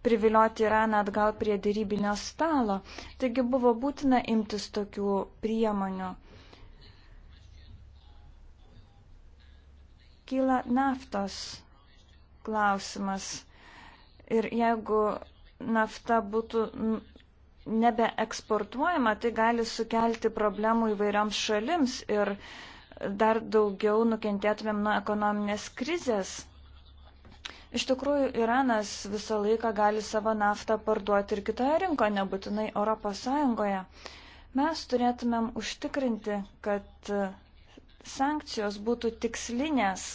privilioti Iraną atgal prie dėrybinio stalo. Taigi buvo būtina imtis tokių priemonių. kyla naftos klausimas. Ir jeigu nafta būtų nebeeksportuojama, tai gali sukelti problemų įvairioms šalims ir dar daugiau nukentėtumėm nuo ekonominės krizės. Iš tikrųjų, Iranas visą laiką gali savo naftą parduoti ir kitoje rinkoje, nebūtinai Europos Sąjungoje. Mes turėtumėm užtikrinti, kad sankcijos būtų tikslinės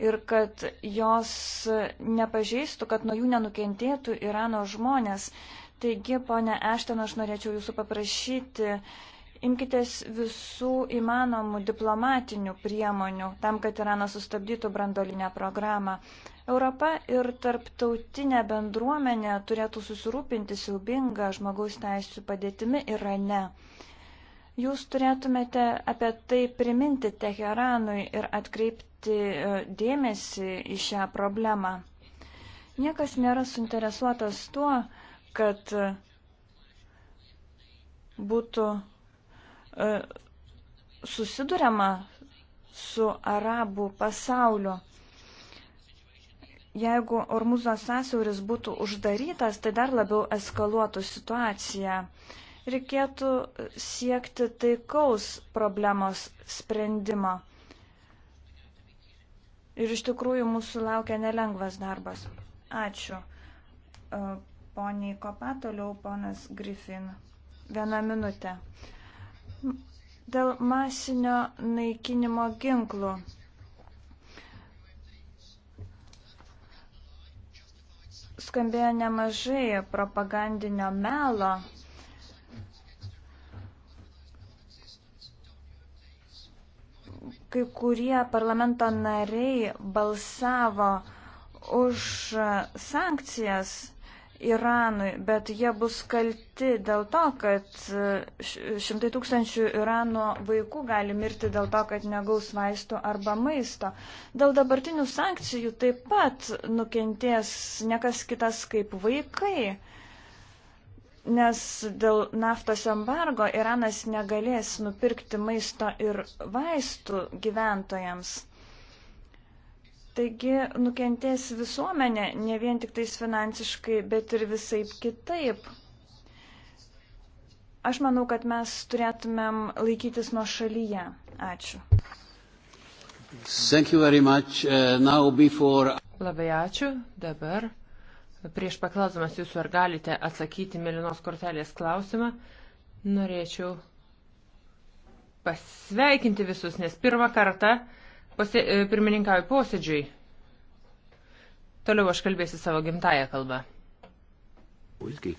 ir kad jos nepažeistų, kad nuo jų nenukentėtų Irano žmonės. Taigi, ponė Ešton, aš norėčiau jūsų paprašyti, imkitės visų įmanomų diplomatinių priemonių tam, kad Iranas sustabdytų brandolinę programą. Europa ir tarptautinė bendruomenė turėtų susirūpinti siaubingą žmogaus teisų padėtimi Irane. Jūs turėtumėte apie tai priminti Teheranui ir atkreipti e, dėmesį į šią problemą. Niekas nėra suinteresuotas tuo, kad e, būtų e, susidurima su arabų pasauliu. Jeigu Ormuzo sąsiauris būtų uždarytas, tai dar labiau eskaluotų situaciją. Reikėtų siekti taikaus problemos sprendimo. Ir iš tikrųjų mūsų laukia nelengvas darbas. Ačiū e, poniai Kopa, toliau ponas Griffin. Vieną minutę. Dėl masinio naikinimo ginklų. Skambėjo nemažai propagandinio melo. Kai kurie parlamento nariai balsavo už sankcijas Iranui, bet jie bus kalti dėl to, kad šimtai tūkstančių Irano vaikų gali mirti dėl to, kad negaus vaistų arba maisto. Dėl dabartinių sankcijų taip pat nukentės nekas kitas kaip vaikai, nes dėl naftos embargo Iranas negalės nupirkti maisto ir vaistų gyventojams. Taigi nukentės visuomenė ne vien tik tais finansiškai, bet ir visai kitaip. Aš manau, kad mes turėtumėm laikytis nuo šalyje. Ačiū. Uh, before... Labai ačiū. Dabar, prieš paklausdamas jūsų, ar galite atsakyti Melinos kortelės klausimą, norėčiau pasveikinti visus, nes pirmą kartą uh, posė, e, pirmininkauju posėdžiui. Toliau aš kalbėsiu savo gimtają kalbą. Visgi.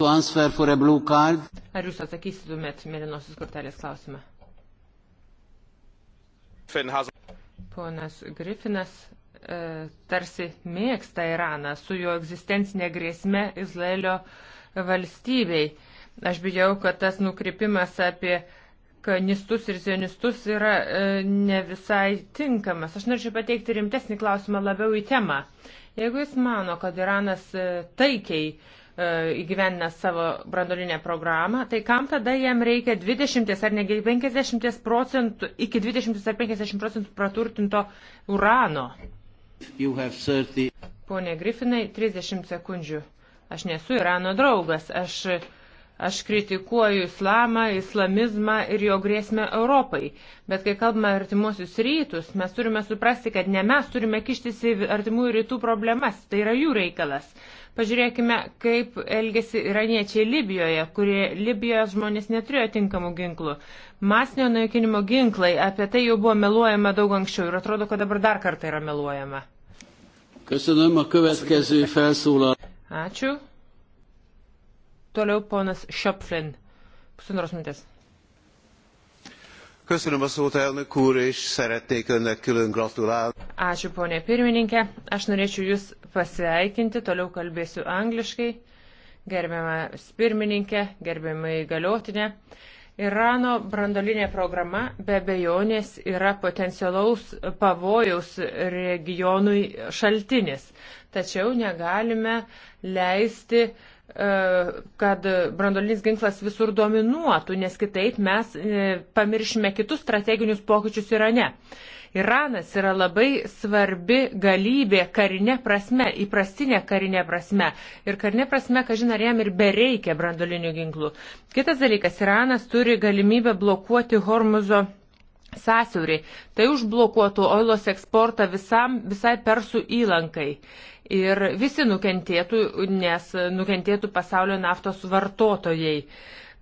Ar jūs atsakysitumėt mėlynosios kortelės klausimą? Ponas Grifinas e, tarsi mėgsta Iraną su jo egzistencinė grėsme Izraelio e, valstybei. Aš bijau, kad tas nukrypimas apie kanistus ir zionistus yra e, ne visai tinkamas. Aš norėčiau pateikti rimtesnį klausimą labiau į temą. Jeigu jis mano, kad Iranas e, taikiai e, įgyvendina savo brandolinę programą, tai kam tada jam reikia 20 ar negi 50 procentų, iki 20 ar 50 procentų praturtinto urano? 30... Pone Grifinai, 30 sekundžių. Aš nesu Irano draugas, aš, aš kritikuoju islamą, islamizmą ir jo grėsmę Europai. Bet kai kalbame artimuosius rytus, mes turime suprasti, kad ne mes turime kištis į artimųjų rytų problemas, tai yra jų reikalas. Pažiūrėkime, kaip elgesi iraniečiai Libijoje, kurie Libijos žmonės neturėjo tinkamų ginklų. Masinio naikinimo ginklai, apie tai jau buvo meluojama daug anksčiau ir atrodo, kad dabar dar kartą yra meluojama. Köszönöm a következő felszólal. Ačiū. Toliau ponas Šöpflin. Pusantros minutės. Köszönöm a szót, elnök úr, és szeretnék önnek külön gratulálni. Ačiū, ponė pirmininkė. Aš norėčiau jūs pasveikinti, toliau kalbėsiu angliškai. Gerbiamas pirmininkė, gerbiamai galiotinė. Irano brandolinė programa be bejonės yra potencialaus pavojaus regionui šaltinis tačiau negalime leisti, e, kad brandolinis ginklas visur dominuotų, nes kitaip mes e, pamiršime kitus strateginius pokyčius Irane. Iranas yra labai svarbi galybė karinė prasme, įprastinė karinė prasme. Ir karinė prasme, kažin ar jam ir bereikia brandolinių ginklų. Kitas dalykas, Iranas turi galimybę blokuoti Hormuzo sąsiaurį. Tai užblokuotų oilos eksportą visam, visai persų įlankai. Ir visi nukentėtų, nes nukentėtų pasaulio naftos vartotojai.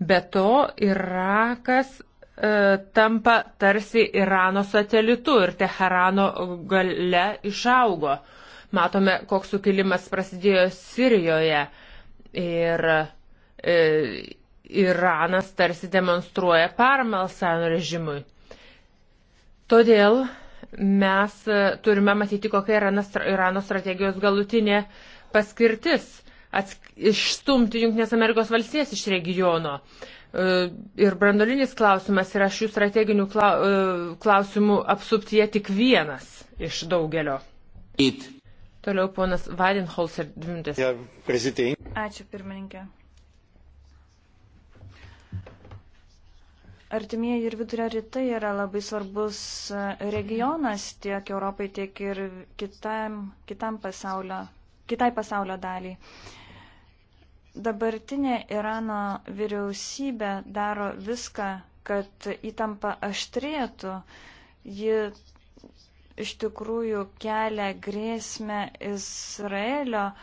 Be to, Irakas e, tampa tarsi Irano satelitu ir Teherano gale išaugo. Matome, koks sukilimas prasidėjo Sirijoje. Ir e, Iranas tarsi demonstruoja paramą Alsano režimui. Todėl mes e, turime matyti, kokia yra Irano strategijos galutinė paskirtis - išstumti Junktinės Amerikos valstijas iš regiono. E, ir brandolinis klausimas yra šių strateginių e, klausimų apsuptyje tik vienas iš daugelio. It. Toliau ponas Vadinholzer dvimtis. Ačiū pirmininkė. Artimieji ir vidurio rytai yra labai svarbus e, regionas tiek Europai, tiek ir kitam, kitam pasaulio, kitai pasaulio daliai. Dabartinė Irano vyriausybė daro viską, kad įtampa aštrėtų. Ji iš tikrųjų kelia grėsmę Izraelio e,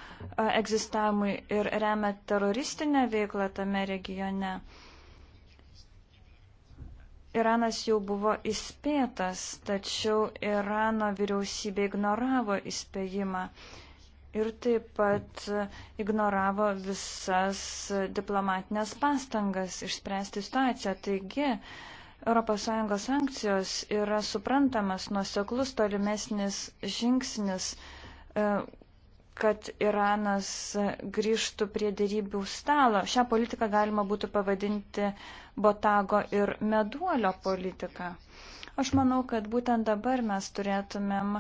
egzistavimui ir remia teroristinę veiklą tame regione. Uh, Iranas jau buvo įspėtas, tačiau Irano vyriausybė ignoravo įspėjimą ir taip pat ignoravo visas diplomatinės pastangas išspręsti situaciją. Taigi, ES sankcijos yra suprantamas nuoseklus tolimesnis žingsnis, e, kad Iranas grįžtų prie dėrybių stalo. Šią politiką galima būtų pavadinti botago ir meduolio politiką. Aš manau, kad būtent dabar mes turėtumėm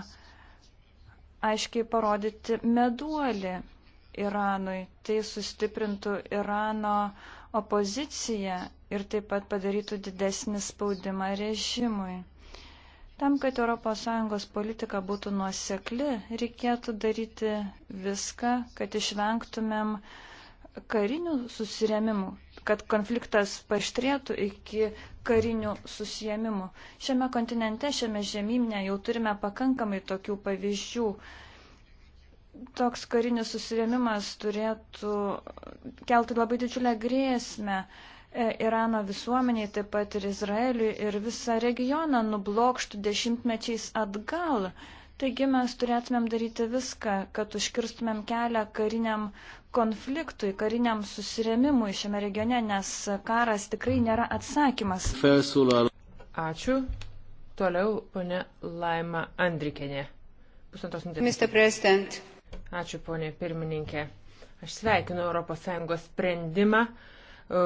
aiškiai parodyti meduolį Iranui. Tai sustiprintų Irano opoziciją ir taip pat padarytų didesnį spaudimą režimui. Tam, kad ES politika būtų nuosekli, reikėtų daryti viską, kad išvengtumėm karinių susiremimų, kad konfliktas paštrėtų iki karinių susijėmimų. Šiame kontinente, šiame žemynė jau turime pakankamai tokių pavyzdžių. Toks karinis susirėmimas turėtų kelti labai didžiulę grėsmę uh, E, Irano visuomeniai, taip pat ir Izraeliui ir visą regioną nublokštų dešimtmečiais atgal. Taigi mes turėtumėm daryti viską, kad užkirstumėm kelią kariniam konfliktui, kariniam susiremimui šiame regione, nes karas tikrai nėra atsakymas. Ačiū. Toliau ponė Laima Andrikenė. Pusantos minutės. Ačiū ponė pirmininkė. Aš sveikinu ES sprendimą E,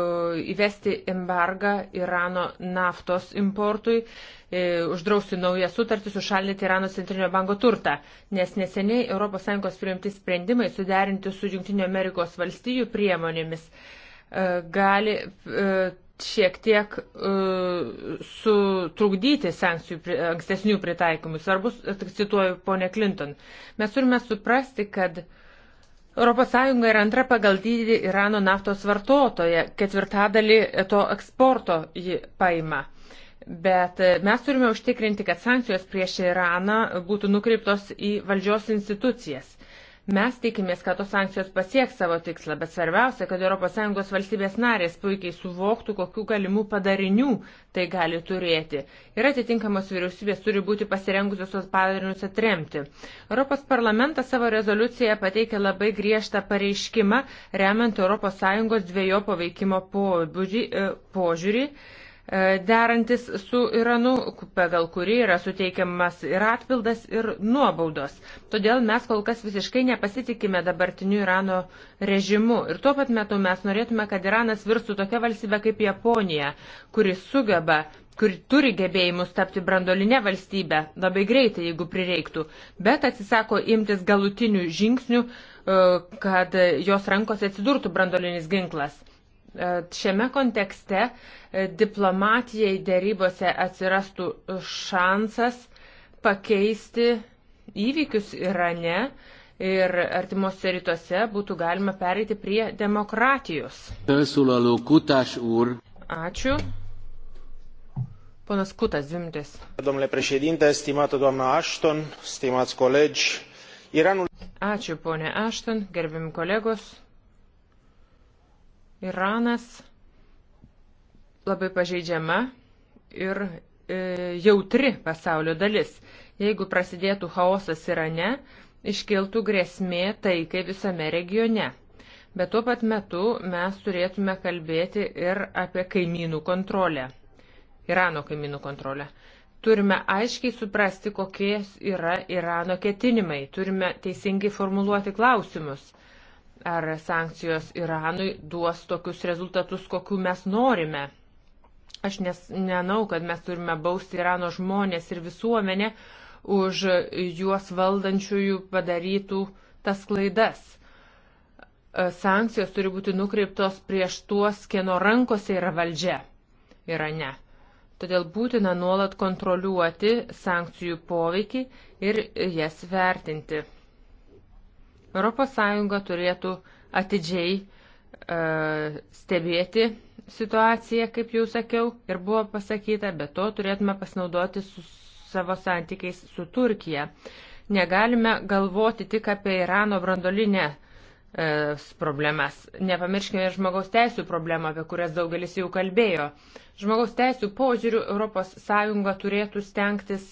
įvesti embargą Irano naftos importui, e, uždrausti naują sutartį, sušalinti Irano centrinio banko turtą, nes neseniai ES priimti sprendimai suderinti su JAV priemonėmis e, gali šiek tiek sutrukdyti sankcijų ankstesnių pritaikymų. Svarbus, cituoju ponę Clinton, mes turime suprasti, kad uh, ES yra antra pagal dydį Irano naftos vartotoja, ketvirtadalį to eksporto ji paima. Bet e, mes turime užtikrinti, kad sankcijos prieš Iraną būtų nukreiptos į valdžios institucijas. Mes tikimės, kad tos sankcijos pasieks savo tikslą, bet svarbiausia, kad ES valstybės narės puikiai suvoktų, kokių galimų padarinių tai gali turėti. Ir atitinkamos vyriausybės turi būti pasirengusios tos padarinius atremti. Europos parlamentas savo rezoliuciją pateikė labai griežtą pareiškimą, remiant ES dviejopo veikimo e, požiūrį. Po E, derantis su Iranu, pagal kurį yra suteikiamas ir atpildas, ir nuobaudos. Todėl mes kol kas visiškai nepasitikime dabartiniu Irano režimu. Ir tuo pat metu mes norėtume, kad Iranas virstų tokia valstybė kaip Japonija, kuri sugeba kuri turi gebėjimus tapti brandolinę valstybę labai greitai, jeigu prireiktų, bet atsisako imtis galutinių žingsnių, e, kad jos rankose atsidurtų brandolinis ginklas. E, šiame kontekste e, diplomatijai dėrybose atsirastų šansas pakeisti įvykius Irane ir artimuose rytuose būtų galima pereiti prie demokratijos. Ačiū. Ponas Kutas, dvimtis. Domnule președinte, stimată doamna Ashton, stimați colegi, Iranul. Ačiū, ponė Ashton, gerbimi kolegos. Iranas labai pažeidžiama ir e, jautri pasaulio dalis. Jeigu prasidėtų chaosas Irane, iškiltų grėsmė taikai visame regione. Bet tuo pat metu mes turėtume kalbėti ir apie kaimynų kontrolę. Irano kaimynų kontrolę. Turime aiškiai suprasti, kokie yra Irano ketinimai. Turime teisingai formuluoti klausimus ar sankcijos Iranui duos tokius rezultatus, kokiu mes norime. Aš nes, nenau, kad mes turime bausti Irano žmonės ir visuomenę už juos valdančiųjų padarytų tas klaidas. E, sankcijos turi būti nukreiptos prieš tuos, kieno rankose yra valdžia Irane. Todėl būtina nuolat kontroliuoti sankcijų poveikį ir jas vertinti. ES turėtų atidžiai e, stebėti situaciją, kaip jau sakiau, ir buvo pasakyta, bet to turėtume pasinaudoti su savo santykiais su Turkija. Negalime galvoti tik apie Irano brandolinę e, problemas. Nepamirškime žmogaus teisų problemą, apie kurias daugelis jau kalbėjo. Žmogaus teisų požiūrių ES turėtų stengtis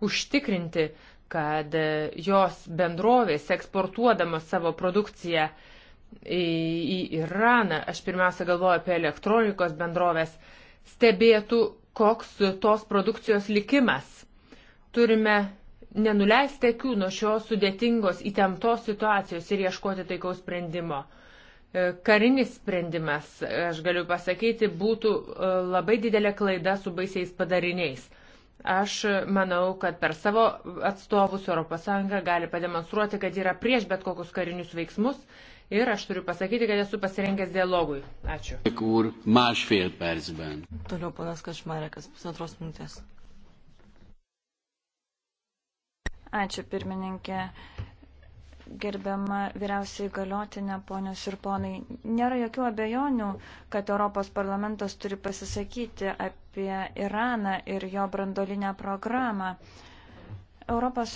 užtikrinti, kad e, jos bendrovės eksportuodamos savo produkciją į, į Iraną, aš pirmiausia galvoju apie elektronikos bendrovės, stebėtų, koks tos produkcijos likimas. Turime nenuleisti akių nuo šios sudėtingos įtemptos situacijos ir ieškoti taikaus sprendimo. E, karinis sprendimas, aš galiu pasakyti, būtų e, labai didelė klaida su baisiais padariniais Aš manau, kad per savo atstovus ES gali pademonstruoti, kad yra prieš bet kokius karinius veiksmus ir aš turiu pasakyti, kad esu pasirengęs dialogui. Ačiū. Toliau ponas Kašmarekas, pusantros minutės. Ačiū pirmininkė gerbiama vyriausiai galiotinė, ponios ir ponai. Nėra jokių abejonių, kad Europos parlamentas turi pasisakyti apie Iraną ir jo brandolinę programą. ES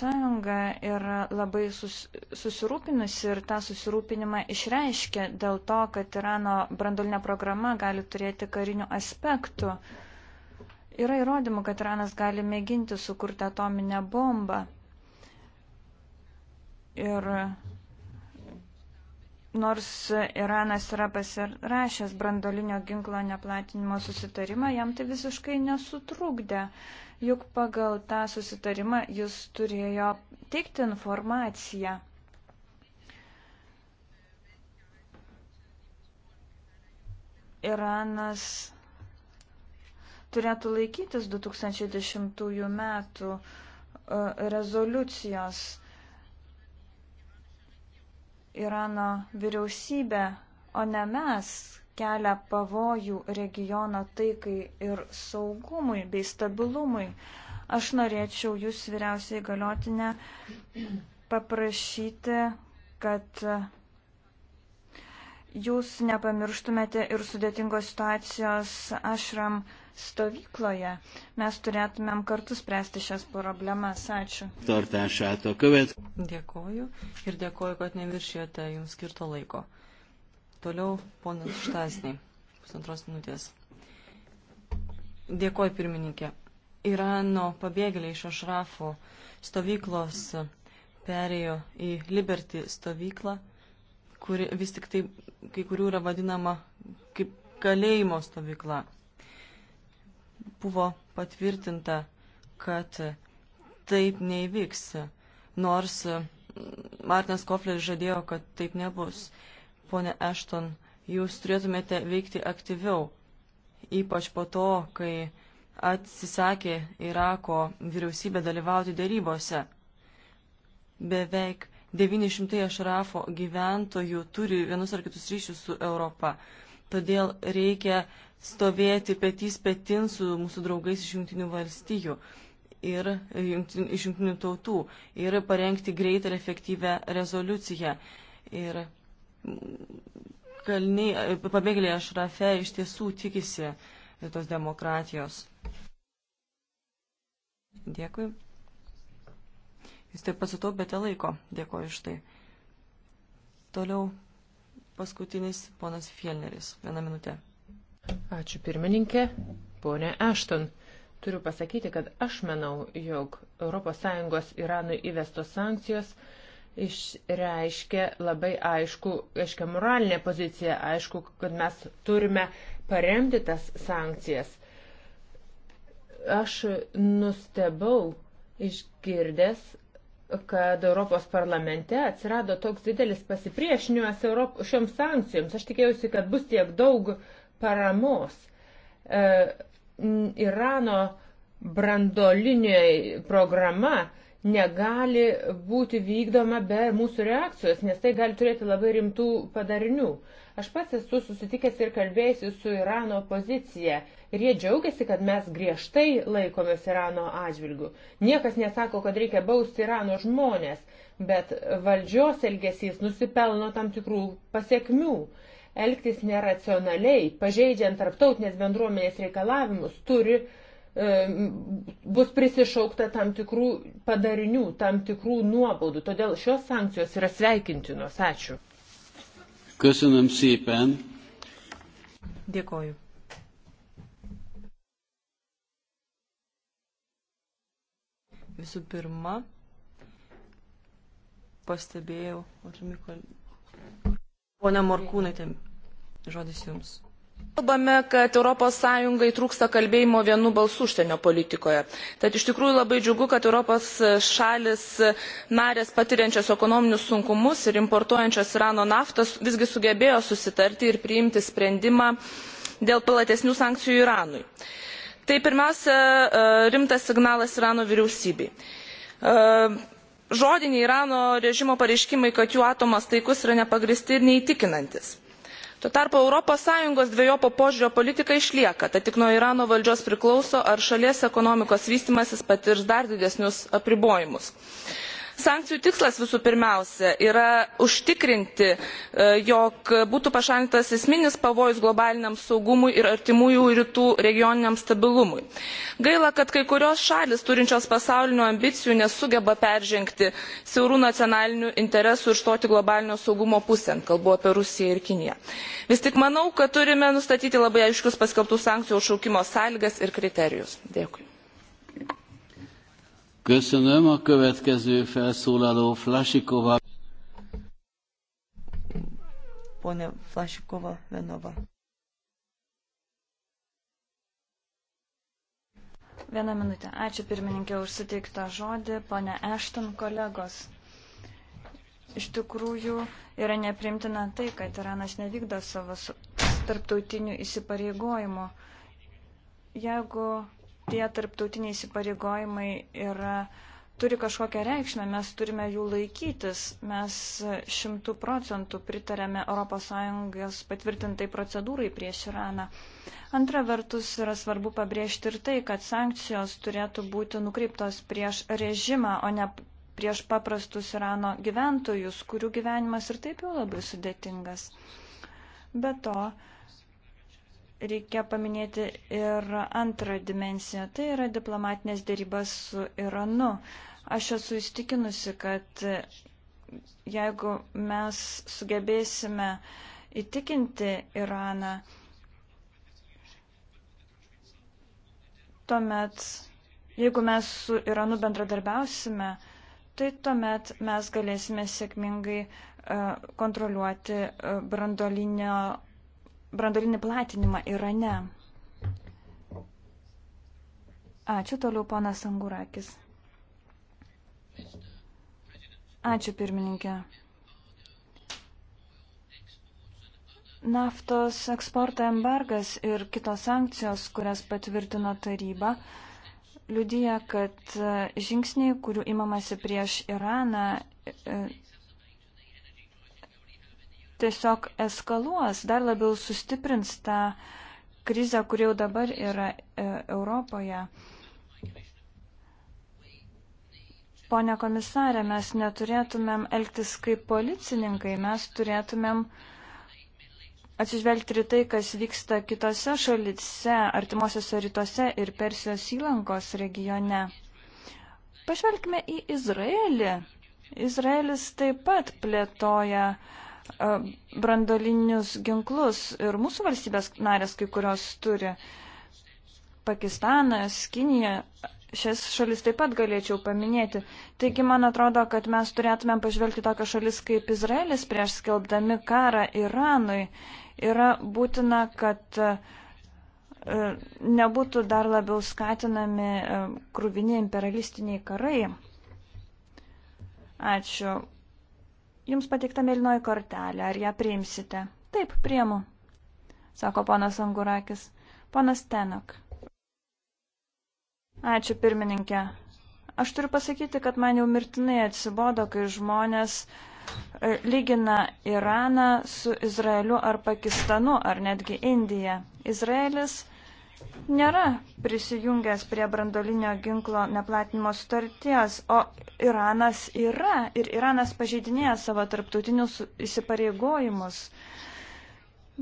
yra labai sus, susirūpinusi ir tą susirūpinimą išreiškia dėl to, kad Irano brandolinė programa gali turėti karinių aspektų. Yra įrodymų, kad Iranas gali mėginti sukurti atominę bombą. Ir nors Iranas yra pasirašęs brandolinio ginklo neplatinimo susitarimą, jam tai visiškai nesutrūkdė. Juk pagal tą susitarimą jis turėjo teikti informaciją. Iranas turėtų laikytis 2010 metų e, rezoliucijos Irano vyriausybė, o ne mes, kelia pavojų regiono taikai ir saugumui bei stabilumui. Aš norėčiau jūs vyriausiai galiotinę paprašyti, kad jūs nepamirštumėte ir sudėtingos situacijos ašram stovykloje. Mes turėtumėm kartu spręsti šias problemas. Ačiū. Dėkoju ir dėkoju, kad neviršijote jums skirto laiko. Toliau ponas Štasniai, pusantros minutės. Dėkoju pirmininkė. Irano pabėgėliai iš Ašrafo stovyklos perėjo į Liberty stovyklą, kuri vis tik tai kai kurių yra vadinama kaip kalėjimo stovykla buvo patvirtinta, kad taip neįvyks, nors Martinas Kofleris žadėjo, kad taip nebus. Pone Ešton, jūs turėtumėte veikti aktyviau, ypač po to, kai atsisakė Irako vyriausybė dalyvauti dėrybose. Beveik 900 Ašrafo gyventojų turi vienus ar kitus ryšius su Europa. Todėl reikia stovėti petys petin su mūsų draugais iš Junktinių valstijų ir e, iš Junktinių tautų ir parengti greitą ir efektyvę rezoliuciją. Ir mm, kalniai, e, pabėgėliai Ašrafe iš tiesų tikisi e, tos demokratijos. Dėkui. Jūs taip pasitaupėte laiko. Dėkoju iš tai. Toliau paskutinis ponas Fielneris. Vieną minutę. Ačiū pirmininkė, ponė Ashton. Turiu pasakyti, kad aš manau, jog ES Iranui įvestos sankcijos išreiškia labai aišku, aiškia moralinė pozicija, aišku, kad mes turime paremti tas sankcijas. Aš nustebau išgirdęs, kad Europos parlamente atsirado toks didelis pasipriešinimas šioms sankcijoms. Aš tikėjausi, kad bus tiek daug uh, paramos. E, Irano brandoliniai programa negali būti vykdoma be mūsų reakcijos, nes tai gali turėti labai rimtų padarinių. Aš pats esu susitikęs ir kalbėjusi su Irano opozicija ir jie džiaugiasi, kad mes griežtai laikomės Irano atžvilgių. Niekas nesako, kad reikia bausti Irano žmonės, bet valdžios elgesys nusipelno tam tikrų pasiekmių elgtis neracionaliai, pažeidžiant tarptautinės bendruomenės reikalavimus, turi, e, bus prisišaukta tam tikrų padarinių, tam tikrų nuobaudų. Todėl šios sankcijos yra sveikintinos. Ačiū. Köszönöm szépen. Dėkoju. Visų pirma, pastebėjau, Pone Morkūnaitė, Žodis Jums. Kalbame, kad ES trūksta kalbėjimo vienu balsu užsienio politikoje. Tad iš tikrųjų labai džiugu, kad Europos šalis narės patiriančios ekonominius sunkumus ir importuojančios Irano naftos visgi sugebėjo susitarti ir priimti sprendimą dėl platesnių sankcijų Iranui. Tai pirmiausia e, rimtas signalas Irano vyriausybei e, žodiniai irano režimo pareiškimai kad jų atomas taikus yra nepagristi ir neįtikinantys tuo tarpu europos sąjungos dvejopo požiūrio politika išlieka tad tik nuo irano valdžios priklauso ar šalies ekonomikos vystymasis patirs dar didesnius apribojimus. Sankcijų tikslas visų pirmiausia yra užtikrinti, e, jog būtų pašalintas esminis pavojus globaliniam saugumui ir artimųjų rytų regioniniam stabilumui. Gaila, kad kai kurios šalis turinčios pasaulinių ambicijų nesugeba peržengti siaurų nacionalinių interesų ir stoti globalinio saugumo pusėn, kalbu apie Rusiją ir Kiniją. Vis tik manau, kad turime nustatyti labai aiškius paskelbtų sankcijų šaukimo sąlygas ir kriterijus. Dėkui. Köszönöm a következő felszólaló Flasikova. Pone Flasikova Venova. Vieną minutę. Ačiū pirmininkė už suteiktą žodį. Pane Ešton, kolegos. Iš tikrųjų yra neprimtina tai, kad Iranas nevykdo savo tarptautinių įsipareigojimų. Jeigu tie tarptautiniai įsipareigojimai yra, turi kažkokią reikšmę, mes turime jų laikytis, mes šimtų procentų pritarėme ES patvirtintai procedūrai prieš Iraną. Antra vertus yra svarbu pabrėžti ir tai, kad sankcijos turėtų būti nukreiptos prieš režimą, o ne prieš paprastus Irano gyventojus, kurių gyvenimas ir taip jau labai sudėtingas. Be to, reikia paminėti ir antrą dimensiją, tai yra diplomatinės dėrybas su Iranu. Aš esu įstikinusi, kad jeigu mes sugebėsime įtikinti Iraną, tuomet, jeigu mes su Iranu bendradarbiausime, tai tuomet mes galėsime sėkmingai e, kontroliuoti e, brandolinio brandolinį platinimą Irane. Ačiū toliau, ponas Angurakis. Ačiū, pirmininkė. Naftos eksporto embargas ir kitos sankcijos, kurias patvirtino taryba, liudyja, kad žingsniai, kurių imamasi prieš Iraną, tiesiog eskaluos, dar labiau sustiprins tą krizę, kuri jau dabar yra e, Europoje. Pone komisarė, mes neturėtumėm elgtis kaip policininkai, mes turėtumėm atsižvelgti ir tai, kas vyksta kitose šalise, artimuosiuose rytuose ir Persijos įlankos regione. Pažvelgime į Izraelį. Izraelis taip pat plėtoja uh, E, brandolinius ginklus ir mūsų valstybės narės kai kurios turi. Pakistanas, Kinija, šias šalis taip pat galėčiau paminėti. Taigi, man atrodo, kad mes turėtumėm pažvelgti tokią šalis kaip Izraelis prieš skelbdami karą Iranui. Yra būtina, kad e, nebūtų dar labiau skatinami e, krūviniai imperialistiniai karai. Ačiū. Jums pateikta mėlynoji kortelė, ar ją priimsite? Taip, priimu, sako ponas Angurakis. Ponas Tenok. Ačiū pirmininkė. Aš turiu pasakyti, kad man jau mirtinai atsibodo, kai žmonės e, lygina Iraną su Izraeliu ar Pakistanu ar netgi Indija. Izraelis nėra prisijungęs prie brandolinio ginklo neplatinimo sutarties, o Iranas yra ir Iranas pažeidinėja savo tarptautinius įsipareigojimus.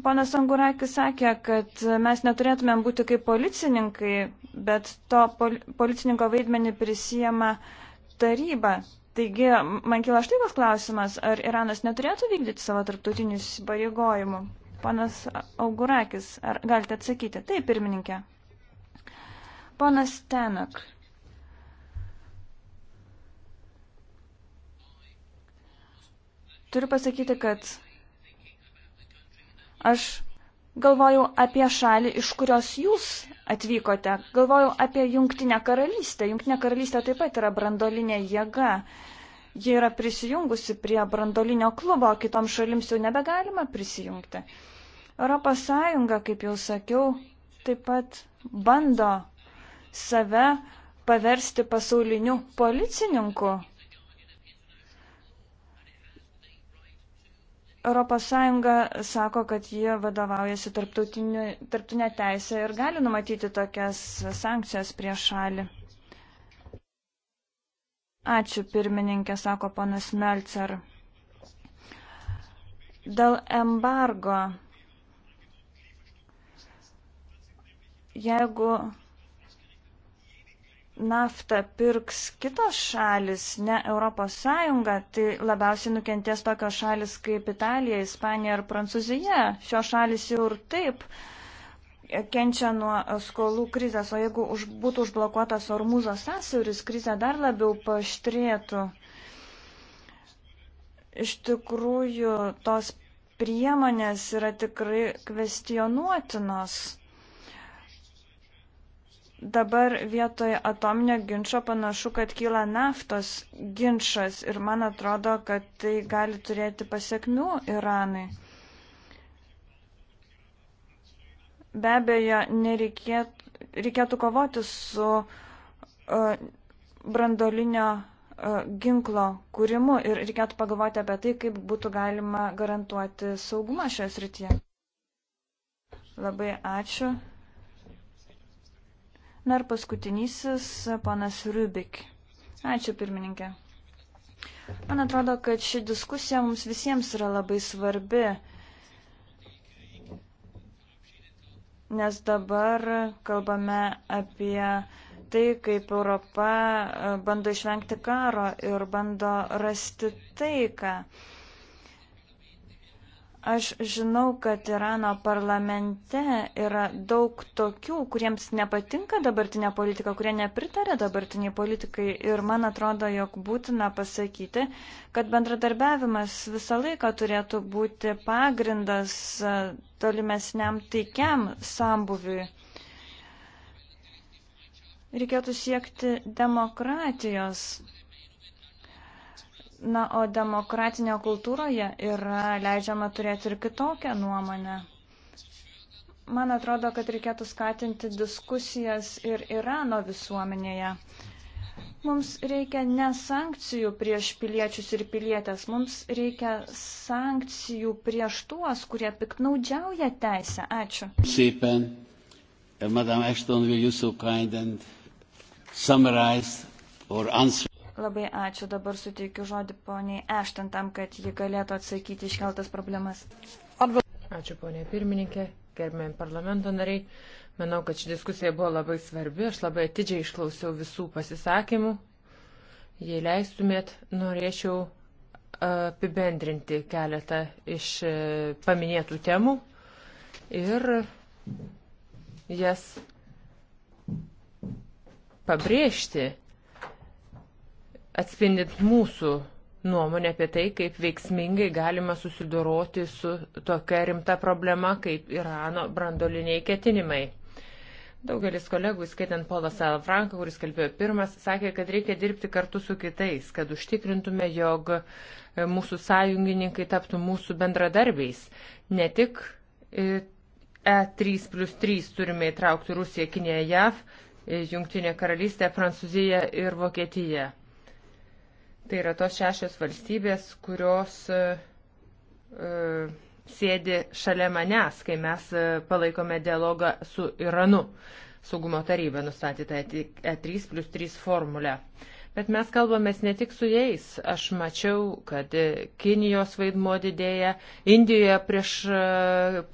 Ponas Angurakis sakė, kad mes neturėtumėm būti kaip policininkai, bet to pol policininko vaidmenį prisijama taryba. Taigi, man kyla štai koks klausimas, ar Iranas neturėtų vykdyti savo tarptautinių įsipareigojimų? Ponas Augurakis, ar galite atsakyti? Taip, pirmininkė. Ponas Tenak. Turiu pasakyti, kad aš galvojau apie šalį, iš kurios jūs atvykote. Galvojau apie Jungtinę karalystę. Jungtinė karalystė taip pat yra brandolinė jėga. Ji yra prisijungusi prie brandolinio klubo, kitoms šalims jau nebegalima prisijungti. Uh, ES, kaip jau sakiau, taip pat bando save paversti pasauliniu policininku. ES sako, kad jie vadovaujasi tarptautinė teisė ir gali numatyti tokias sankcijas prieš šalį. Ačiū pirmininkė, sako panas Melcer. Dėl embargo Jeigu naftą pirks kitos šalis, ne Europos Sąjunga, tai labiausiai nukentės tokios šalis kaip Italija, Ispanija ir Prancūzija. Šios šalis jau ir taip kenčia nuo skolų krizės, o jeigu už, būtų užblokuotas Ormūzo sąsiauris, krizė dar labiau paštrėtų. Iš tikrųjų, tos priemonės yra tikrai kvestionuotinos dabar vietoj atominio ginčio panašu, kad kyla naftos ginčas ir man atrodo, kad tai gali turėti pasiekmių Iranui. Be abejo, nereikėtų, reikėtų kovoti su uh, brandolinio uh, ginklo kūrimu ir reikėtų pagalvoti apie tai, kaip būtų galima garantuoti saugumą šioje srityje. Labai ačiū. Na ir paskutinysis, panas Rubik. Ačiū pirmininkė. Man atrodo, kad ši diskusija mums visiems yra labai svarbi, nes dabar kalbame apie tai, kaip Europa bando išvengti karo ir bando rasti taiką. ką Aš žinau, kad Irano parlamente yra daug tokių, kuriems nepatinka dabartinė politika, kurie nepritarė dabartiniai politikai. Ir man atrodo, jog būtina pasakyti, kad bendradarbiavimas visą laiką turėtų būti pagrindas e, tolimesniam taikiam sambuviui. Reikėtų siekti demokratijos. Na, o demokratinėje kultūroje yra leidžiama turėti ir kitokią nuomonę. Man atrodo, kad reikėtų skatinti diskusijas ir Irano visuomenėje. Mums reikia ne sankcijų prieš piliečius ir pilietės, mums reikia sankcijų prieš tuos, kurie piknaudžiauja teisę. Ačiū. Šeipen, Madam Ashton, will you so kind and summarize or answer? Labai ačiū. Dabar suteikiu žodį poniai Ešten tam, kad ji galėtų atsakyti iškeltas problemas. Ačiū ponė pirmininkė, gerbėjim parlamento nariai. Manau, kad ši diskusija buvo labai svarbi. Aš labai atidžiai išklausiau visų pasisakymų. Jei leistumėt, norėčiau apibendrinti keletą iš e, paminėtų temų ir jas pabrėžti atspindint mūsų nuomonę apie tai, kaip veiksmingai galima susidoroti su tokia rimta problema kaip Irano brandoliniai ketinimai. Daugelis kolegų, skaitant Paulą Salafranką, kuris kalbėjo pirmas, sakė, kad reikia dirbti kartu su kitais, kad užtikrintume, jog mūsų sąjungininkai taptų mūsų bendradarbiais. Ne tik E3 e plus 3 turime įtraukti Rusiją, Kiniją, JAV, Junktinė karalystė, Prancūzija ir Vokietija. Tai yra tos šešios valstybės, kurios e, e, sėdi šalia manęs, kai mes e, palaikome dialogą su Iranu. Saugumo taryba nustatė tą E3 plus 3 formulę. Bet mes kalbamės ne tik su jais. Aš mačiau, kad e, Kinijos vaidmuo didėja. Indijoje prieš e,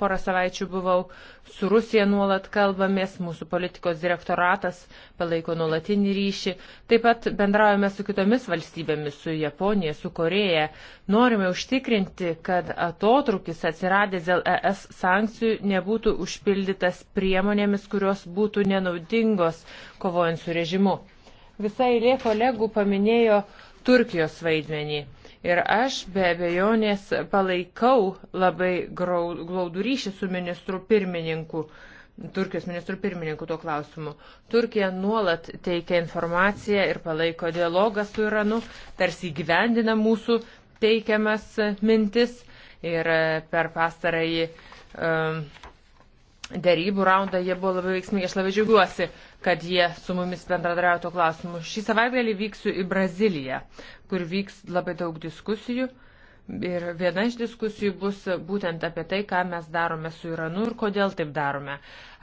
porą savaičių buvau. Su Rusija nuolat kalbamės. Mūsų politikos direktoratas palaiko nuolatinį ryšį. Taip pat bendraujame su kitomis valstybėmis, su Japonija, su Koreja. Norime užtikrinti, kad atotrukis atsiradęs dėl ES sankcijų nebūtų užpildytas priemonėmis, kurios būtų nenaudingos kovojant su režimu. Visai lė kolegų paminėjo Turkijos vaidmenį. Ir aš be abejonės palaikau labai glaudų ryšį su ministru pirmininku. Turkijos ministrų pirmininkų tuo klausimu. Turkija nuolat teikia informaciją ir palaiko dialogą su Iranu, tarsi įgyvendina mūsų teikiamas mintis ir e, per pastarąjį um, dėrybų raundą, jie buvo labai veiksmingi. Aš labai džiaugiuosi, kad jie su mumis bendradarbiavo tuo klausimu. Šį savaitgalį vyksiu į Braziliją, kur vyks labai daug diskusijų. Ir viena iš diskusijų bus būtent apie tai, ką mes darome su Iranu ir kodėl taip darome.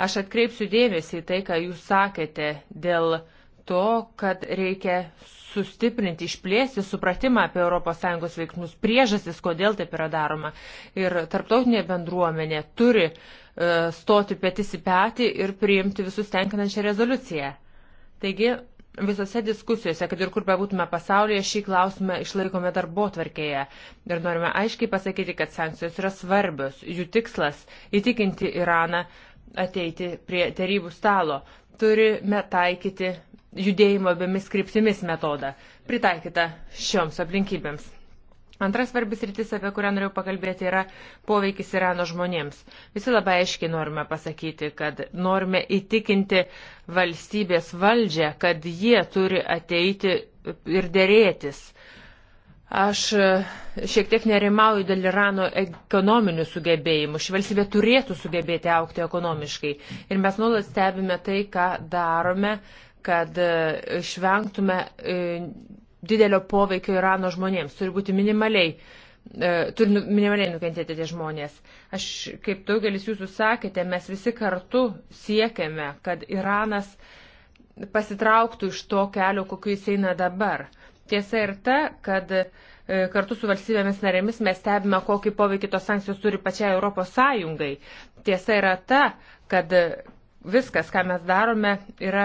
Aš atkreipsiu dėmesį į tai, ką jūs sakėte dėl to, kad reikia sustiprinti, išplėsti supratimą apie ES veiksmus, priežastis, kodėl taip yra daroma. Ir tarptautinė bendruomenė turi uh, E, stoti petis į petį ir priimti visus tenkinančią rezoliuciją. Taigi, visose diskusijose, kad ir kur bebūtume pasaulyje, šį klausimą išlaikome darbo tvarkėje ir norime aiškiai pasakyti, kad sankcijos yra svarbios, jų tikslas - įtikinti Iraną ateiti prie tarybų stalo. Turime taikyti judėjimo abiemis kryptimis metodą, pritaikytą šioms aplinkybėms. Antras svarbis rytis, apie kurią noriu pakalbėti, yra poveikis Irano žmonėms. Visi labai aiškiai norime pasakyti, kad norime įtikinti valstybės valdžią, kad jie turi ateiti ir dėrėtis. Aš e, šiek tiek nerimauju dėl Irano ekonominių sugebėjimų. Ši valstybė turėtų sugebėti aukti ekonomiškai. Ir mes nuolat stebime tai, ką darome, kad e, išvengtume e, didelio poveikio Irano žmonėms. Turi būti minimaliai, e, turi nu, minimaliai nukentėti tie žmonės. Aš, kaip daugelis jūsų sakėte, mes visi kartu siekiame, kad Iranas pasitrauktų iš to kelio, kokiu jis eina dabar. Tiesa ir ta, kad e, kartu su valstybėmis narėmis mes stebime, kokį poveikį tos sankcijos turi pačiai Europos Sąjungai. Tiesa yra ta, kad viskas, ką mes darome, yra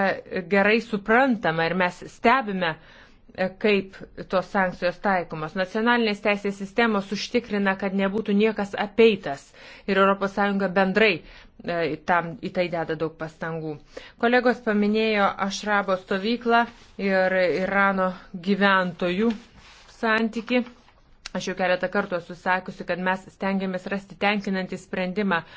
gerai suprantama ir mes stebime uh, E, kaip tos sankcijos taikomos. Nacionalinės teisės sistemos užtikrina, kad nebūtų niekas apeitas ir ES bendrai e, tam, į tai deda daug pastangų. Kolegos paminėjo Ašrabo stovyklą ir Irano gyventojų santyki. Aš jau keletą kartų esu sakiusi, kad mes stengiamės rasti tenkinantį sprendimą uh,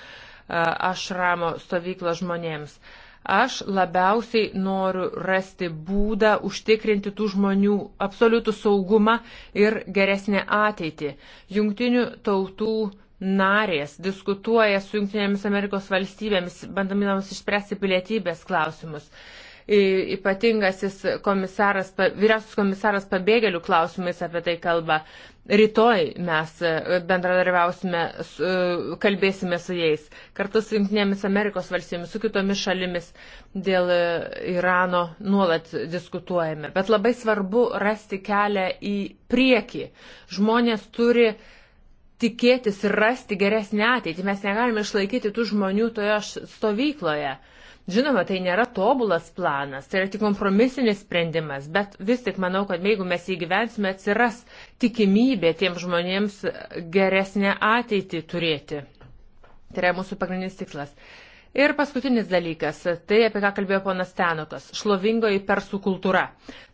ašramo stovyklą žmonėms. Aš labiausiai noriu rasti būdą užtikrinti tų žmonių absoliutų saugumą ir geresnę ateitį. Jungtinių tautų narės diskutuoja su Junktinėmis Amerikos valstybėmis, bandaminomis išspręsti pilietybės klausimus ypatingasis komisaras, vyriausias komisaras pabėgėlių klausimais apie tai kalba. Rytoj mes e, bendradarbiausime, e, kalbėsime su jais, kartu su Junktinėmis Amerikos valstybėmis, su kitomis šalimis dėl e, Irano nuolat diskutuojame. Bet labai svarbu rasti kelią į priekį. Žmonės turi tikėtis ir rasti geresnį ateitį. Mes negalime išlaikyti tų žmonių toje stovykloje. Žinoma, tai nėra tobulas planas, tai yra tik kompromisinis sprendimas, bet vis tik manau, kad jeigu mes jį gyvensime, atsiras tikimybė tiem žmonėms geresnę ateitį turėti. Tai yra mūsų pagrindinis tikslas. Ir paskutinis dalykas, tai apie ką kalbėjo ponas Tenokas, šlovingoji persų kultūra.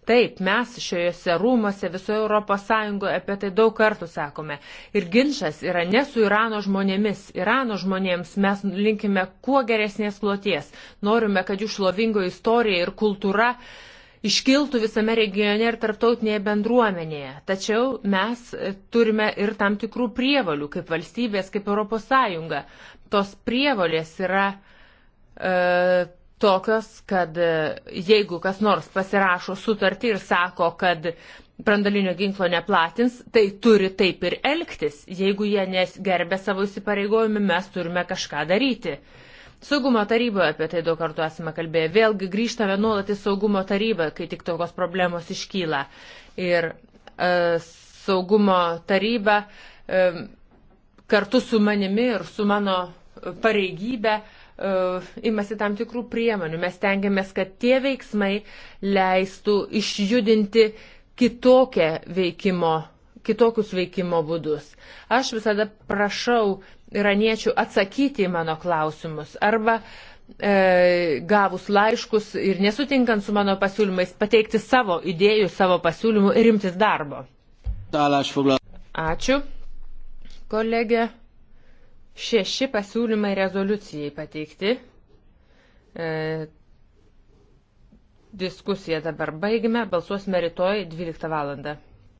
Taip, mes šiuose rūmose visoje Europos Sąjungoje apie tai daug kartų sakome. Ir ginčas yra ne su Irano žmonėmis. Irano žmonėms mes linkime kuo geresnės kloties. Norime, kad jų šlovingoji istorija ir kultūra uh, iškiltų visame regione ir tarptautinėje bendruomenėje. Tačiau mes e, turime ir tam tikrų prievalių, kaip valstybės, kaip Europos Sąjunga. Tos prievalės yra e, tokios, kad e, jeigu kas nors pasirašo sutartį ir sako, kad brandalinio ginklo neplatins, tai turi taip ir elgtis. Jeigu jie nesgerbė savo įsipareigojimų, mes turime kažką daryti. Saugumo taryboje apie tai daug kartų esame kalbėję. Vėlgi grįžtame nuolat į saugumo tarybą, kai tik tokios problemos iškyla. Ir e, saugumo taryba e, kartu su manimi ir su mano pareigybė e, imasi tam tikrų priemonių. Mes tengiamės, kad tie veiksmai leistų išjudinti kitokią veikimo kitokius veikimo būdus. Aš visada prašau iraniečių atsakyti į mano klausimus arba e, gavus laiškus ir nesutinkant su mano pasiūlymais pateikti savo idėjų, savo pasiūlymų ir imtis darbo. Ačiū, kolegė. Šeši pasiūlymai rezoliucijai pateikti. E, diskusiją dabar baigime, balsuosime rytoj 12 valandą.